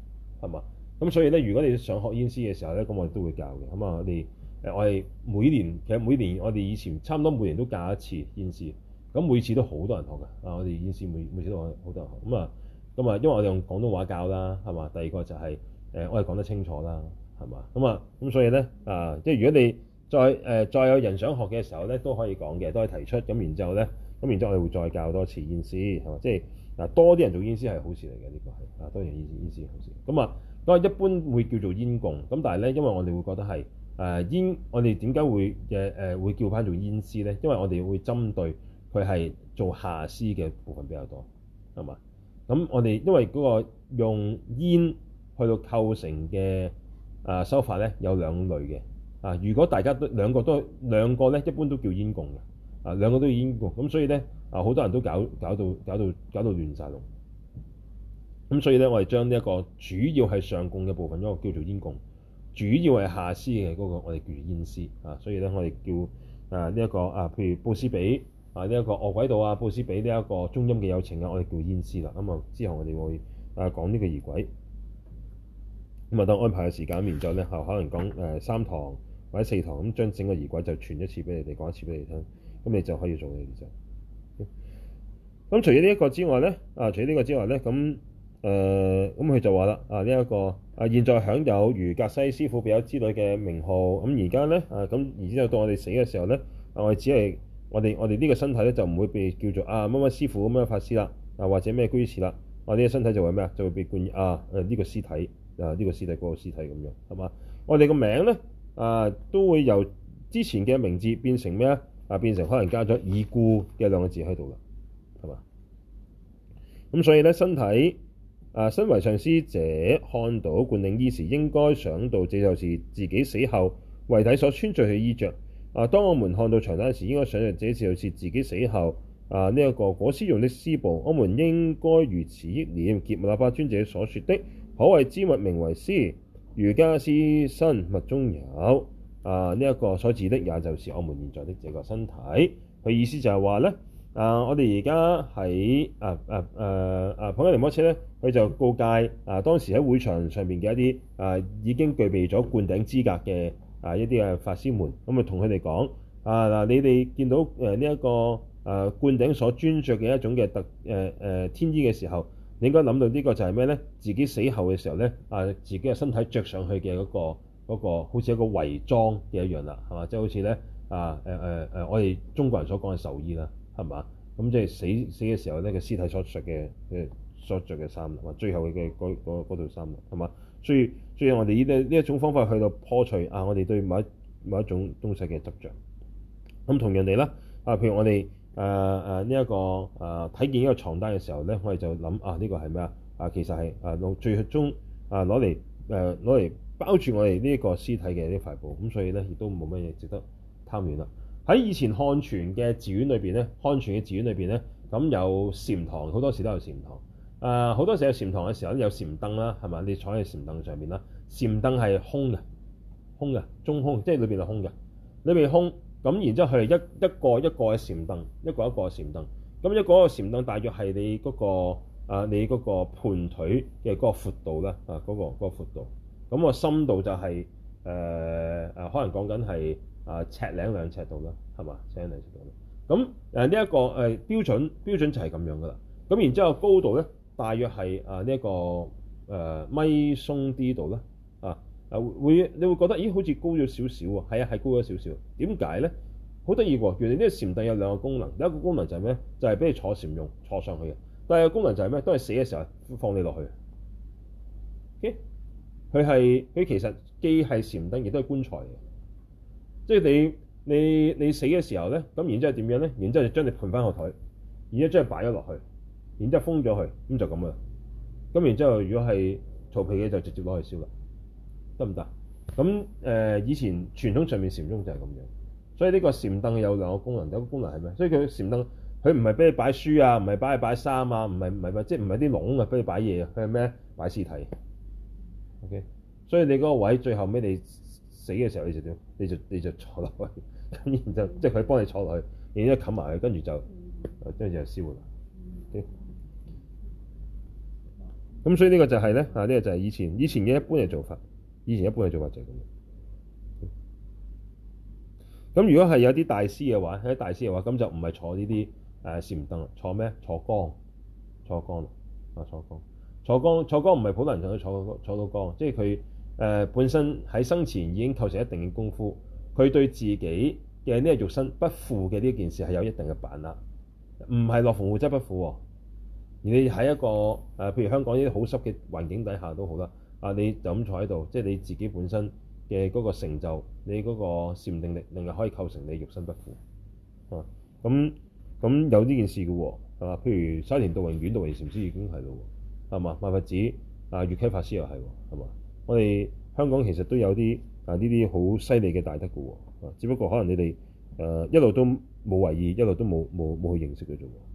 係嘛？咁所以咧，如果你想學煙施嘅時候咧，咁我哋都會教嘅。咁啊，我哋誒我哋每年其實每年我哋以前差唔多每年都教一次煙施。咁每次都好多人學嘅啊！我哋煙施每每次都好多人學，咁啊，咁啊，因為我哋用廣東話教啦，係嘛？第二個就係誒，我哋講得清楚啦，係嘛？咁啊，咁所以咧啊，即係如果你再誒再有人想學嘅時候咧，都可以講嘅，都可以提出咁，然之後咧，咁然之後我哋會再教多次煙施，係嘛？即係嗱、這個，多啲人做煙施係好事嚟嘅，呢個係啊，多啲人煙煙施好事。咁啊，都我一般會叫做煙供。咁，但係咧，因為我哋會覺得係誒煙，我哋點解會誒誒會叫翻做煙施咧？因為我哋會針對。佢係做下施嘅部分比較多，係嘛？咁我哋因為嗰個用煙去到構成嘅啊修法咧，有兩類嘅啊。如果大家都兩個都兩個咧，一般都叫煙供嘅啊，兩個都叫煙供咁，所以咧啊，好多人都搞搞到搞到搞到亂晒咯。咁所以咧，我哋將呢一個主要係上供嘅部分嗰、這個叫做煙供，主要係下施嘅嗰個我哋叫煙施啊。所以咧，我哋叫啊呢一、這個啊，譬如布施比。啊！呢、這、一個惡鬼道啊，布施俾呢一個中陰嘅有情啊，我哋叫煙施啦。咁、嗯、啊之後我哋會啊講呢個儀軌。咁啊當安排嘅時間，咁然之後咧，可能講誒、呃、三堂或者四堂，咁、嗯、將整個儀軌就傳一次俾你哋，講一次俾你聽，咁、嗯、你就可以做嘅嘢就。咁、嗯、除咗呢一個之外咧，啊，啊除咗呢個之外咧，咁誒咁佢就話啦，啊呢一、這個啊現在享有如格西師傅比丘之類嘅名號，咁、啊啊、而家咧啊咁然之後到我哋死嘅時候咧、啊，我哋只係。我哋我哋呢個身體咧就唔會被叫做啊乜乜師傅咁樣法師啦，啊或者咩居士啦，我哋嘅身體就會咩啊？就會被冠啊誒呢、這個屍體啊呢、這個屍體嗰、那個屍體咁樣，係嘛？我哋個名咧啊都會由之前嘅名字變成咩啊？啊變成可能加咗已故嘅兩個字喺度啦，係嘛？咁所以咧身體啊，身為上師者看到灌頂衣時，應該想到這就是自己死後遺體所穿的著嘅衣着。啊！當我們看到床單時，應該想像這件事是自己死後啊呢一，這個裹屍用的屍布。我們應該如此憶念，傑密勒日巴尊者所說的，可畏之物名為屍，瑜伽師身脈中有啊呢一，這個所指的，也就是我們現在的這個身體。佢意思就係話咧，啊！我哋而家喺啊啊啊啊普吉尼摩托車咧，佢就告誡啊當時喺會場上邊嘅一啲啊已經具備咗灌頂資格嘅。啊！一啲嘅法師們咁啊，同佢哋講啊嗱，你哋見到誒呢一個灌頂所穿著嘅一種嘅特、啊啊、天衣嘅時候，你應該諗到呢個就係咩咧？自己死後嘅時候咧啊，啊，自己嘅身體着上去嘅嗰、那個嗰、那個好似一個遺裝嘅一樣啦，係嘛？即、就、係、是、好似咧啊，啊，啊，啊我哋中國人所講嘅壽衣啦，係嘛？咁即係死死嘅時候咧，個屍體所着嘅嘅所着嘅衫最後嘅嗰套衫，係嘛？所以所以我哋依呢一種方法去到破除啊，我哋對某一某一種東西嘅執着。咁同樣哋啦，啊，譬如我哋誒誒呢一個誒睇見呢個床單嘅時候咧，我哋就諗啊，呢個係咩啊？啊，其實係誒用最終啊攞嚟誒攞嚟包住我哋呢一個屍體嘅呢塊布。咁所以咧亦都冇乜嘢值得貪戀啦。喺以前漢傳嘅寺院裏邊咧，漢傳嘅寺院裏邊咧，咁有禪堂，好多時都有禪堂。誒好、啊、多時有禪堂嘅時候有禪凳啦，係嘛？你坐喺禪凳上面啦，禪凳係空嘅，空嘅，中空，即係裏面係空嘅，裏邊空。咁然之後佢哋一一個一個嘅禪凳，一個一個嘅禪凳。咁一個一個禪凳大約係你嗰、那個你嗰個盤腿嘅嗰個闊度啦，啊、那、嗰個嗰、那個、闊度。咁個深度就係誒、呃、可能講緊係啊尺零兩尺度啦，係、呃、嘛？尺零兩尺度。咁誒呢一個誒、呃、標準標準就係咁樣噶啦。咁然之後高度咧，大約係、這個呃、啊呢一個誒米鬆啲度啦，啊，啊會你會覺得咦，好似高咗少少啊，係啊，係高咗少少點解咧？好得意喎，原來呢個禪凳有兩個功能，第一個功能就係咩？就係、是、俾你坐禪用，坐上去嘅。第二個功能就係咩？都係你死嘅時候放你落去。佢係佢其實既係禪凳，亦都係棺材嚟嘅。即、就、係、是、你你你死嘅時候咧，咁然之後點樣咧？然之後就將你盤翻個腿，然之後將你擺咗落去。然之後封咗佢，咁就咁啦。咁然之後，如果係錯皮嘅，就直接攞去燒啦，得唔得？咁誒、呃，以前傳統上面禪宗就係咁樣。所以呢個禪凳有兩個功能，第一個功能係咩？所以佢禪凳，佢唔係俾你擺書啊，唔係擺你擺衫啊，唔係唔係即係唔係啲籠啊，俾你擺嘢啊，佢係咩？擺屍體。O.K.，所以你嗰個位置最後尾你死嘅時候，你就點？你就你就坐落去，咁然之後，即係佢幫你坐落去，然之後冚埋佢，跟住、嗯、就將佢燒啦。咁所以呢個就係咧，啊呢、這個就係以前以前嘅一般嘅做法，以前一般嘅做法就係咁。咁、嗯、如果係有啲大師嘅話，有啲大師嘅話，咁就唔係坐呢啲誒禪凳坐咩？坐缸，坐缸啊坐缸，坐缸、啊，坐缸唔係普通人可以坐坐到缸，即係佢誒本身喺生前已經構成一定嘅功夫，佢對自己嘅呢個肉身不腐嘅呢件事係有一定嘅把握，唔係落防腐劑不腐喎。而你喺一個誒，譬如香港啲好濕嘅環境底下都好啦，啊，你就咁坐喺度，即係你自己本身嘅嗰個成就，你嗰個禪定力，另外可以構成你肉身不腐啊。咁咁有呢件事嘅喎，係嘛？譬如沙田道榮院道榮禪師已經係咯，係嘛？萬佛寺啊，月溪法師又係，係嘛？我哋香港其實都有啲啊呢啲好犀利嘅大德嘅喎，只不過可能你哋誒、啊、一路都冇留意，一路都冇冇冇去認識佢啫喎。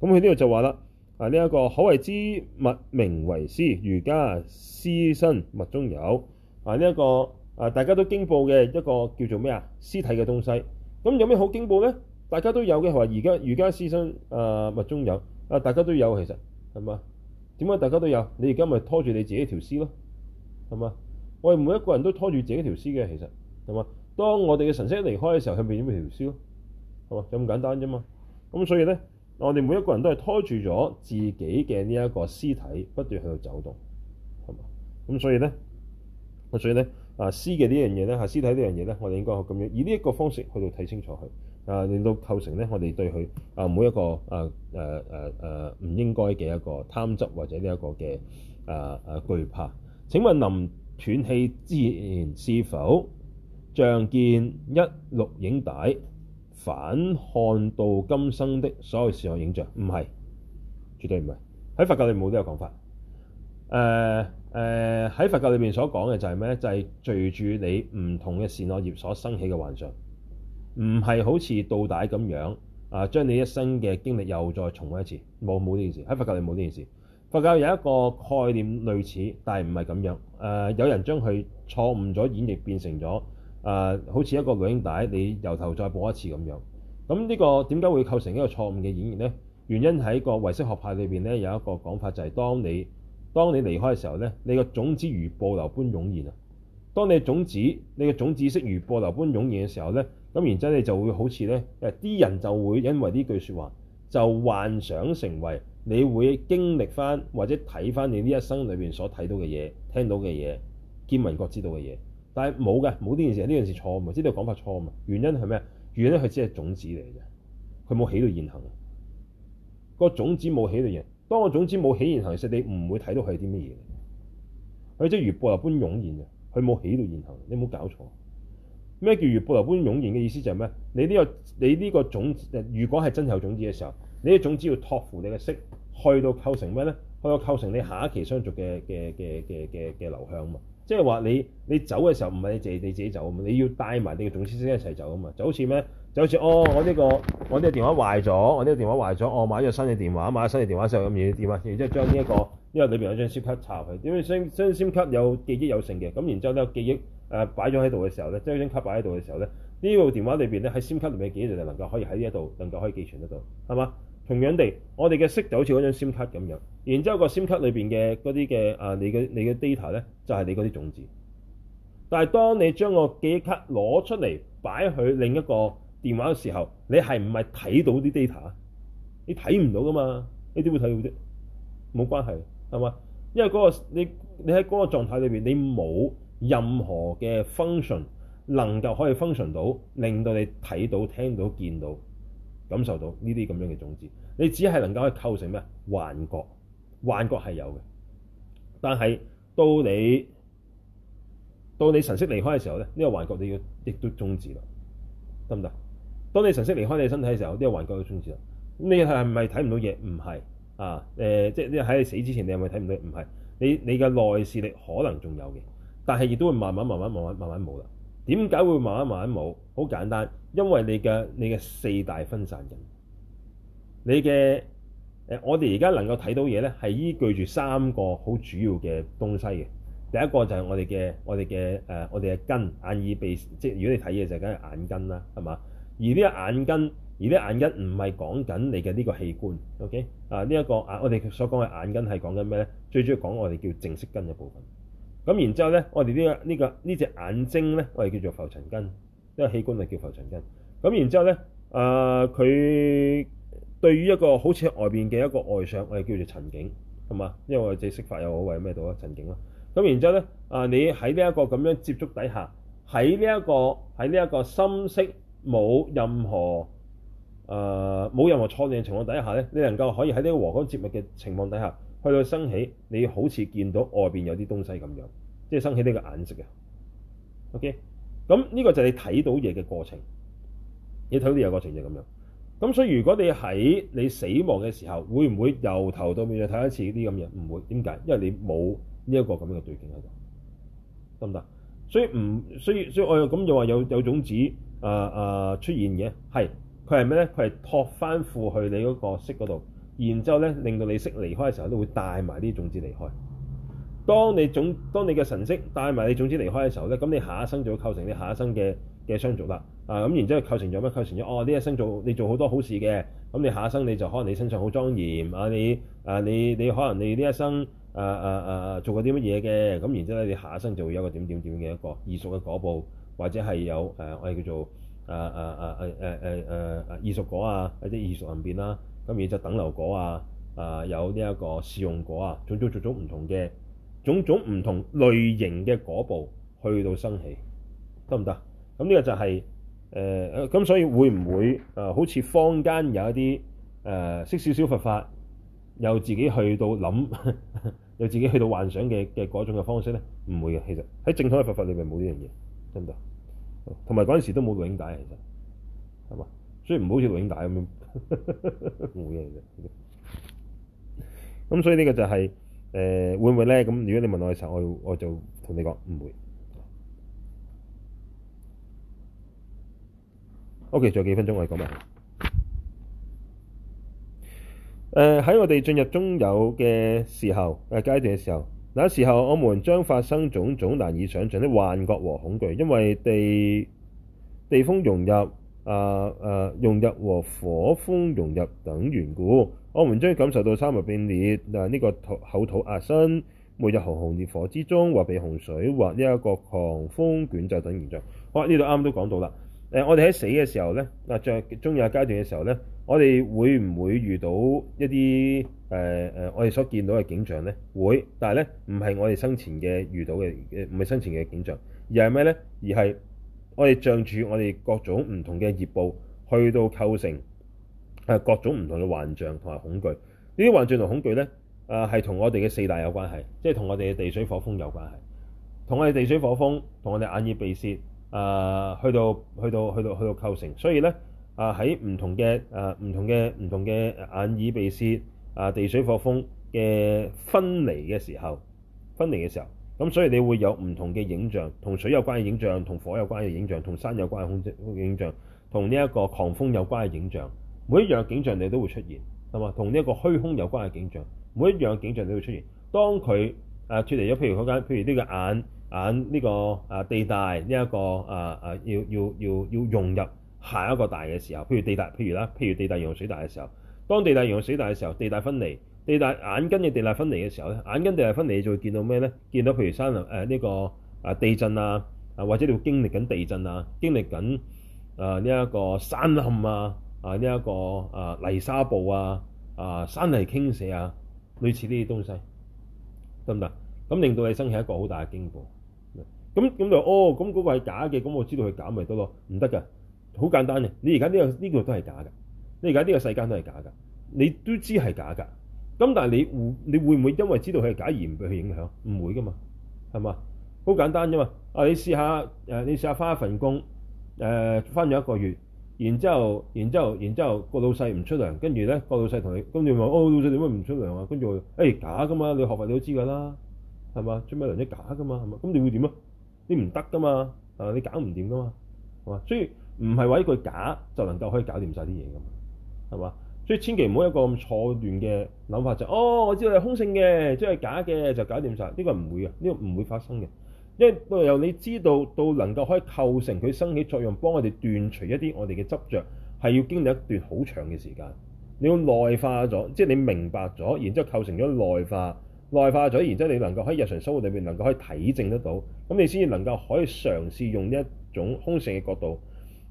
咁佢呢度就話啦，啊呢一個可畏之物名為屍，瑜伽師身脈中有啊呢一個啊，大家都驚怖嘅一個叫做咩啊屍體嘅東西。咁有咩好驚怖咧？大家都有嘅，話而家瑜伽師身啊脈中有啊，大家都有其實係嘛？點解大家都有？你而家咪拖住你自己一條屍咯，係嘛？我哋每一個人都拖住自己一條屍嘅，其實係嘛？當我哋嘅神識一離開嘅時候，係咪一條屍咯？係嘛，就咁簡單啫嘛。咁所以咧。我哋每一個人都係拖住咗自己嘅呢一個屍體，不斷喺度走動，係嘛？咁所以咧，咁所以咧，啊屍嘅呢樣嘢咧，嚇、啊、屍體呢樣嘢咧，我哋應該係咁樣以呢一個方式去到睇清楚佢，啊令到構成咧，我哋對佢啊每一個啊誒誒誒唔應該嘅一個貪執或者呢一個嘅啊啊懼怕。請問臨斷氣之前是否像見一錄影帶？反看到今生的所有善惡影像，唔係，絕對唔係，喺佛教裏冇呢個講法。誒、呃、誒，喺、呃、佛教裏面所講嘅就係咩咧？就係、是、聚住你唔同嘅善惡業所生起嘅幻想，唔係好似倒帶咁樣啊，將你一生嘅經歷又再重温一次。冇冇呢件事，喺佛教裏冇呢件事。佛教有一個概念類似，但係唔係咁樣。誒、啊，有人將佢錯誤咗演繹變成咗。啊、呃，好似一個錄影帶，你由頭再播一次咁樣。咁呢個點解會構成一個錯誤嘅演繹呢？原因喺個唯識學派裏面咧有一個講法，就係當你當你離開嘅時候呢，你個種子如暴流般湧現啊。當你種子你嘅種子識如暴流般湧現嘅時候呢，咁然之後你就會好似呢啲人就會因為呢句說話，就幻想成為你會經歷翻或者睇翻你呢一生裏面所睇到嘅嘢、聽到嘅嘢、見聞覺知道嘅嘢。但係冇嘅，冇呢件事，呢件事錯啊嘛，呢個講法錯啊嘛。原因係咩？原因係只係種子嚟嘅，佢冇起到現行。個種子冇起到現行，當個種子冇起，起到現行時，你唔會睇到佢係啲咩嘢。佢即係如波流般湧現嘅，佢冇起到現行。你冇搞錯。咩叫如波流般湧現嘅意思就係、是、咩？你呢、這個你呢個種子，如果係真有種子嘅時候，你嘅種子要託付你嘅色去到構成咩咧？去到構成你下一期相續嘅嘅嘅嘅嘅嘅流向啊嘛。即係話你你走嘅時候，唔係你淨你自己走啊嘛，你要帶埋你嘅總師師一齊走啊嘛，就好似咩就好似哦，我呢、這個我呢個電話壞咗，我呢個電話壞咗，我買咗新嘅電話，買咗新嘅電話之後咁點啊？然之後將呢、這個這個、一個因為裏邊有張 SIM 卡插入去，點樣升 SIM SIM 卡有記憶有剩嘅？咁然之後、呃這個、呢，咧記憶誒擺咗喺度嘅時候咧，將 SIM 卡擺喺度嘅時候咧，呢部電話裏邊咧喺 SIM 卡裏面嘅記憶就能夠可以喺呢一度能夠可以寄存得到，係嘛？同樣地，我哋嘅色就好似嗰張 SIM 卡咁樣，然之後個 SIM 卡裏面嘅嗰啲嘅啊，你嘅你嘅 data 咧，就係你嗰啲種子。但係當你將個記憶卡攞出嚟擺去另一個電話嘅時候，你係唔係睇到啲 data？你睇唔到噶嘛？你點會睇到啫？冇關係，係嘛？因為嗰個你你喺嗰個狀態裏面，你冇任何嘅 function 能夠可以 function 到令到你睇到、聽到、見到。感受到呢啲咁樣嘅種子，你只係能夠去構成咩啊？幻覺，幻覺係有嘅，但係到你到你神識離開嘅時候咧，呢個幻覺你要亦都終止啦，得唔得？當你神識離開你身體嘅時候，呢個幻覺要終止啦。你係咪睇唔到嘢？唔係啊，誒、呃，即係喺你死之前，你係咪睇唔到？唔係，你你嘅內視力可能仲有嘅，但係亦都會慢慢慢慢慢慢慢慢冇啦。點解會慢慢慢慢冇？好簡單。因為你嘅你嘅四大分散人，你嘅誒、呃，我哋而家能夠睇到嘢咧，係依據住三個好主要嘅東西嘅。第一個就係我哋嘅我哋嘅誒，我哋嘅、呃、根眼耳鼻，即係如果你睇嘢就係梗係眼根啦，係嘛？而呢個眼根，而呢個眼根唔係講緊你嘅呢個器官，OK？啊，呢、這、一個眼，我哋所講嘅眼根係講緊咩咧？最主要講我哋叫淨色根嘅部分。咁然之後咧，我哋呢、這個呢、這個呢隻、這個這個、眼睛咧，我哋叫做浮塵根。因為器官係叫浮塵根，咁然之後咧，誒、呃、佢對於一個好似外邊嘅一個外相，我哋叫做塵境，係嘛？因為我哋識法又好，為咩度？啊？塵境啦。咁然之後咧，啊你喺呢一個咁樣接觸底下，喺呢一個喺呢一個心識冇任何誒冇、呃、任何錯念嘅情況底下咧，你能夠可以喺呢個和光接物嘅情況底下，去到升起，你好似見到外邊有啲東西咁樣，即係升起呢個眼識。嘅。OK。咁呢個就係你睇到嘢嘅過程，你睇到嘢嘅過程就咁樣。咁所以如果你喺你死亡嘅時候，會唔會由頭到尾又睇一次啲咁嘢？唔會，點解？因為你冇呢一個咁樣嘅對境喺度，得唔得？所以唔，所以所以我又咁又話有有種子啊啊、呃呃、出現嘅，係佢係咩咧？佢係托翻附去你嗰個色嗰度，然之後咧令到你色離開嘅時候都會帶埋啲種子離開。當你總當你嘅神色帶埋你總之離開嘅時候咧，咁你下一生就會構成你下一生嘅嘅相續啦。啊，咁然之後構成咗咩？構成咗哦？呢一生做你做好多好事嘅，咁你下一生你就可能你身上好莊嚴啊，你啊你你可能你呢一生啊啊啊做過啲乜嘢嘅咁，然之後咧你下一生就會有一個點點點嘅一個異熟嘅果報，或者係有誒、呃、我哋叫做啊啊啊啊誒誒誒啊異、啊啊、熟果啊或者異熟臨變啦，咁然之後等流果啊啊有呢一個士用果啊，種種種種唔同嘅。種種唔同類型嘅嗰部去到生起，得唔得？咁呢個就係誒誒，咁、呃、所以會唔會誒、呃、好似坊間有一啲誒、呃、識少少佛法，又自己去到諗，又自己去到幻想嘅嘅嗰種嘅方式咧？唔會嘅，其實喺正統嘅佛法裏面冇呢樣嘢，真唔得。同埋嗰陣時都冇錄影帶，其實係嘛？所以唔好似錄影帶咁樣，唔會嘅其實。咁所以呢個就係、是。誒，會唔會咧？咁如果你問我嘅時候，我我就同你講唔會。OK，仲有幾分鐘我哋講埋。誒喺我哋進入中有嘅時候，誒階段嘅時候，那時候我們將發生種種難以想像嘅幻覺和恐懼，因為地地風融入。啊啊地風融入和火風融入等緣故，我們將感受到山體破裂。嗱、啊，呢、這個土厚土壓身，每日熊熊烈火之中，或被洪水或一個狂風捲走等現象。好，呢度啱啱都講到啦。誒，我哋喺死嘅時候咧，嗱，最中有階段嘅時候咧，我哋會唔會遇到一啲誒誒我哋所見到嘅景象咧？會，但係咧唔係我哋生前嘅遇到嘅，唔係生前嘅景象，而係咩咧？而係我哋仗住我哋各種唔同嘅業報去到構成係各種唔同嘅幻象同埋恐懼，呢啲幻象同恐懼咧，誒係同我哋嘅四大有關係，即係同我哋嘅地水火風有關係，同我哋地水火風同我哋眼耳鼻舌誒、呃、去到去到去到去到構成，所以咧啊喺唔同嘅誒唔同嘅唔同嘅眼耳鼻舌啊、呃、地水火風嘅分離嘅時候，分離嘅時候。咁所以你會有唔同嘅影像，同水有關嘅影像，同火有關嘅影像，同山有關嘅空影像，同呢一個狂風有關嘅影像，每一樣景象你都會出現，同埋同呢一個虛空有關嘅景象，每一樣景象你都會出現。當佢誒脱離咗，譬如嗰、那、間、個，譬如呢個眼眼呢個啊地帶呢一、這個啊啊要要要要融入下一個大嘅時候，譬如地帶，譬如啦，譬如地帶融水大嘅時候，當地帶融水大嘅時候，地帶分離。地大眼根嘅地大分離嘅時候咧，眼根地大分離，就會見到咩咧？見到譬如山林呢、呃這個啊地震啊啊，或者你會經歷緊地震啊，經歷緊啊呢一個山陷啊啊呢一個啊、呃、泥沙暴啊啊山泥傾瀉啊、呃，類似呢啲東西得唔得？咁令到你升起一個好大嘅驚報。咁咁就哦咁嗰、那個係假嘅，咁我知道佢假咪得咯，唔得㗎。好簡單嘅，你而家呢個呢、這個都係假嘅，你而家呢個世界都係假嘅，你都知係假㗎。咁但係你會你會唔會因為知道佢係假而唔俾佢影響？唔會噶嘛，係嘛？好簡單啫嘛。啊，你試下你試下翻一份工，翻咗一個月，然之後，然之後，然之後，個老細唔出糧，跟住咧，個老細同你，跟住話：，哦，老細點解唔出糧啊？跟住話：，誒，假噶嘛，你學問你都知噶啦，係嘛？出咩糧一假噶嘛，係嘛？咁你會點啊？你唔得噶嘛，啊，你搞唔掂噶嘛，係嘛？所以唔係話一句假就能夠可以搞掂晒啲嘢噶嘛，係嘛？所以千祈唔好一個咁錯亂嘅諗法就，哦，我知道係空性嘅，即係假嘅就搞掂晒。呢個唔會嘅，呢個唔會發生嘅，因為由你知道到能夠可以構成佢生起作用，幫我哋斷除一啲我哋嘅執着，係要經歷一段好長嘅時間。你要內化咗，即係你明白咗，然之後構成咗內化，內化咗，然之後你能夠喺日常生活裏面能夠可以體證得到，咁你先至能夠可以嘗試用呢一種空性嘅角度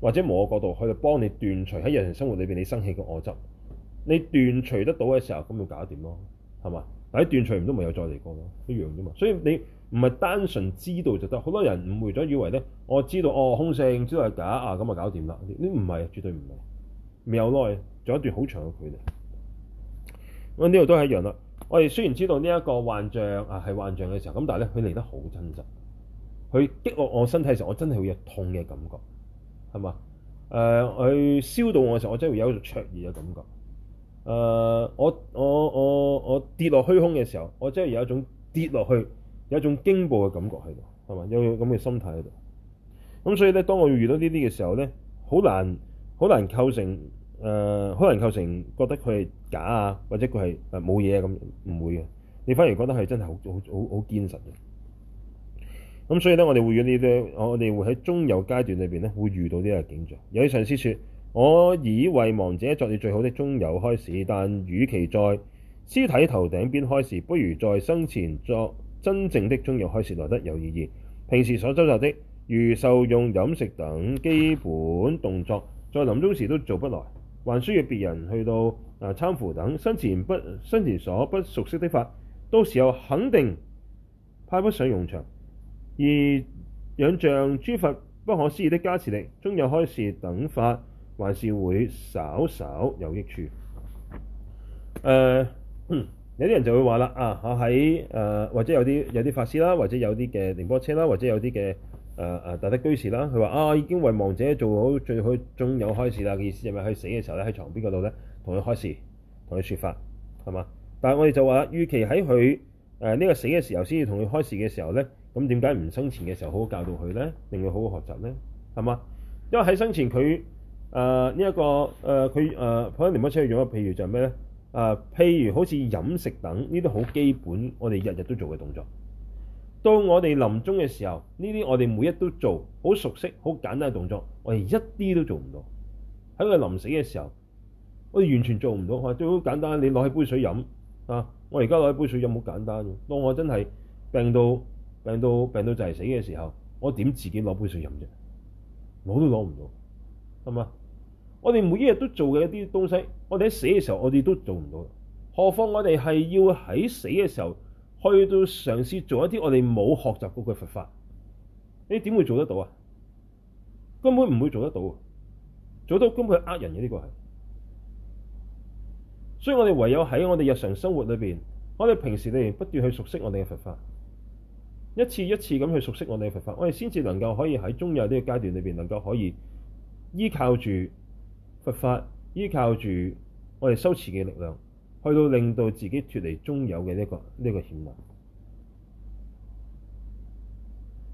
或者無我角度去幫你斷除喺日常生活裏面你生起嘅我執。你斷除得到嘅時候，咁要搞掂咯？係嘛？但係斷除唔到，咪有再嚟過咯，一樣啫嘛。所以你唔係單純知道就得，好多人誤會咗以為咧，我知道哦，空性知道係假啊，咁啊搞掂啦。呢唔係，絕對唔係，未有耐，仲有一段好長嘅距離。咁呢度都係一樣啦。我哋雖然知道呢一個幻象啊係幻象嘅時候，咁但係咧佢嚟得好真實，佢激落我身體嘅時候，我真係會有痛嘅感覺，係嘛？誒、呃，佢燒到我嘅時候，我真係會有一種灼熱嘅感覺。誒、uh，我我我我跌落虛空嘅時候，我真係有一種跌落去，有一種驚怖嘅感覺喺度，係嘛？有咁嘅心態喺度。咁所以咧，當我要遇到呢啲嘅時候咧，好難好難構成誒，好、呃、難構成覺得佢係假啊，或者佢係誒冇嘢啊咁，唔會嘅。你反而覺得係真係好好好好堅實嘅。咁所以咧，我哋會遇呢啲，我哋會喺中有階段裏邊咧，會遇到呢個景象。有啲上師説我已為亡者作了最好的中有開示，但與其在屍體頭頂邊開示，不如在生前作真正的中有開示來得有意義。平時所周遊的如受用飲食等基本動作，在臨終時都做不來，還需要別人去到啊攙扶，等生前不生前所不熟悉的法，到時候肯定派不上用場。而仰仗諸佛不可思議的加持力，中有開示等法。還是會稍稍有益處。誒、呃、有啲人就會話啦啊！我喺誒、呃、或者有啲有啲法師啦，或者有啲嘅寧波車啦，或者有啲嘅誒誒大德居士啦，佢話啊，已經為亡者做好最好，中有開示啦嘅意思係咪喺死嘅時候咧，喺床邊嗰度咧同佢開示同佢説法係嘛？但係我哋就話與其喺佢誒呢個死嘅時候先至同佢開示嘅時候咧，咁點解唔生前嘅時候好好教導佢咧，令佢好好學習咧係嘛？因為喺生前佢。誒呢一個誒佢誒可能連乜出用啊？譬、呃呃、如就係咩咧？誒、呃、譬如好似飲食等呢啲好基本，我哋日日都做嘅動作。到我哋臨終嘅時候，呢啲我哋每日都做好熟悉、好簡單嘅動作，我哋一啲都做唔到。喺佢臨死嘅時候，我哋完全做唔到。最好簡單，你攞起杯水飲啊！我而家攞起杯水飲好、啊、簡單。當我真係病到病到病到就嚟死嘅時候，我點自己攞杯水飲啫？攞都攞唔到，係嘛？我哋每一日都做嘅一啲東西，我哋喺死嘅時候，我哋都做唔到。何況我哋係要喺死嘅時候去到嘗試做一啲我哋冇學習過嘅佛法，你點會做得到啊？根本唔會做得到，做到根本係呃人嘅呢、這個係。所以我哋唯有喺我哋日常生活裏邊，我哋平時裏邊不斷去熟悉我哋嘅佛法，一次一次咁去熟悉我哋嘅佛法，我哋先至能夠可以喺中有呢個階段裏邊，能夠可以依靠住。佛法依靠住我哋修持嘅力量，去到令到自己脱離中有嘅呢、這個呢、這個險難。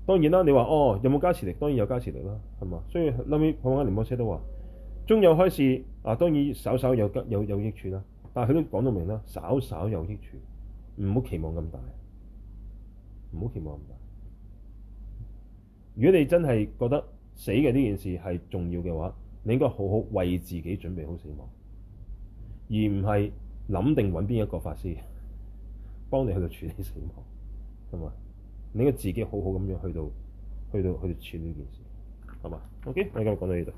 當然啦，你話哦有冇加持力？當然有加持力啦，係嘛？所以後屘我啱啱連波車都話，中有開示，啊，當然少少有有有益處啦。但係佢都講到明啦，少少有益處，唔好期望咁大，唔好期望咁大。如果你真係覺得死嘅呢件事係重要嘅話，你應該好好為自己準備好死亡，而唔係諗定搵邊一個法師幫你去到處理死亡，係嘛？你應該自己好好咁樣去到去到去處理呢件事，好嘛？OK，我而家講到呢度。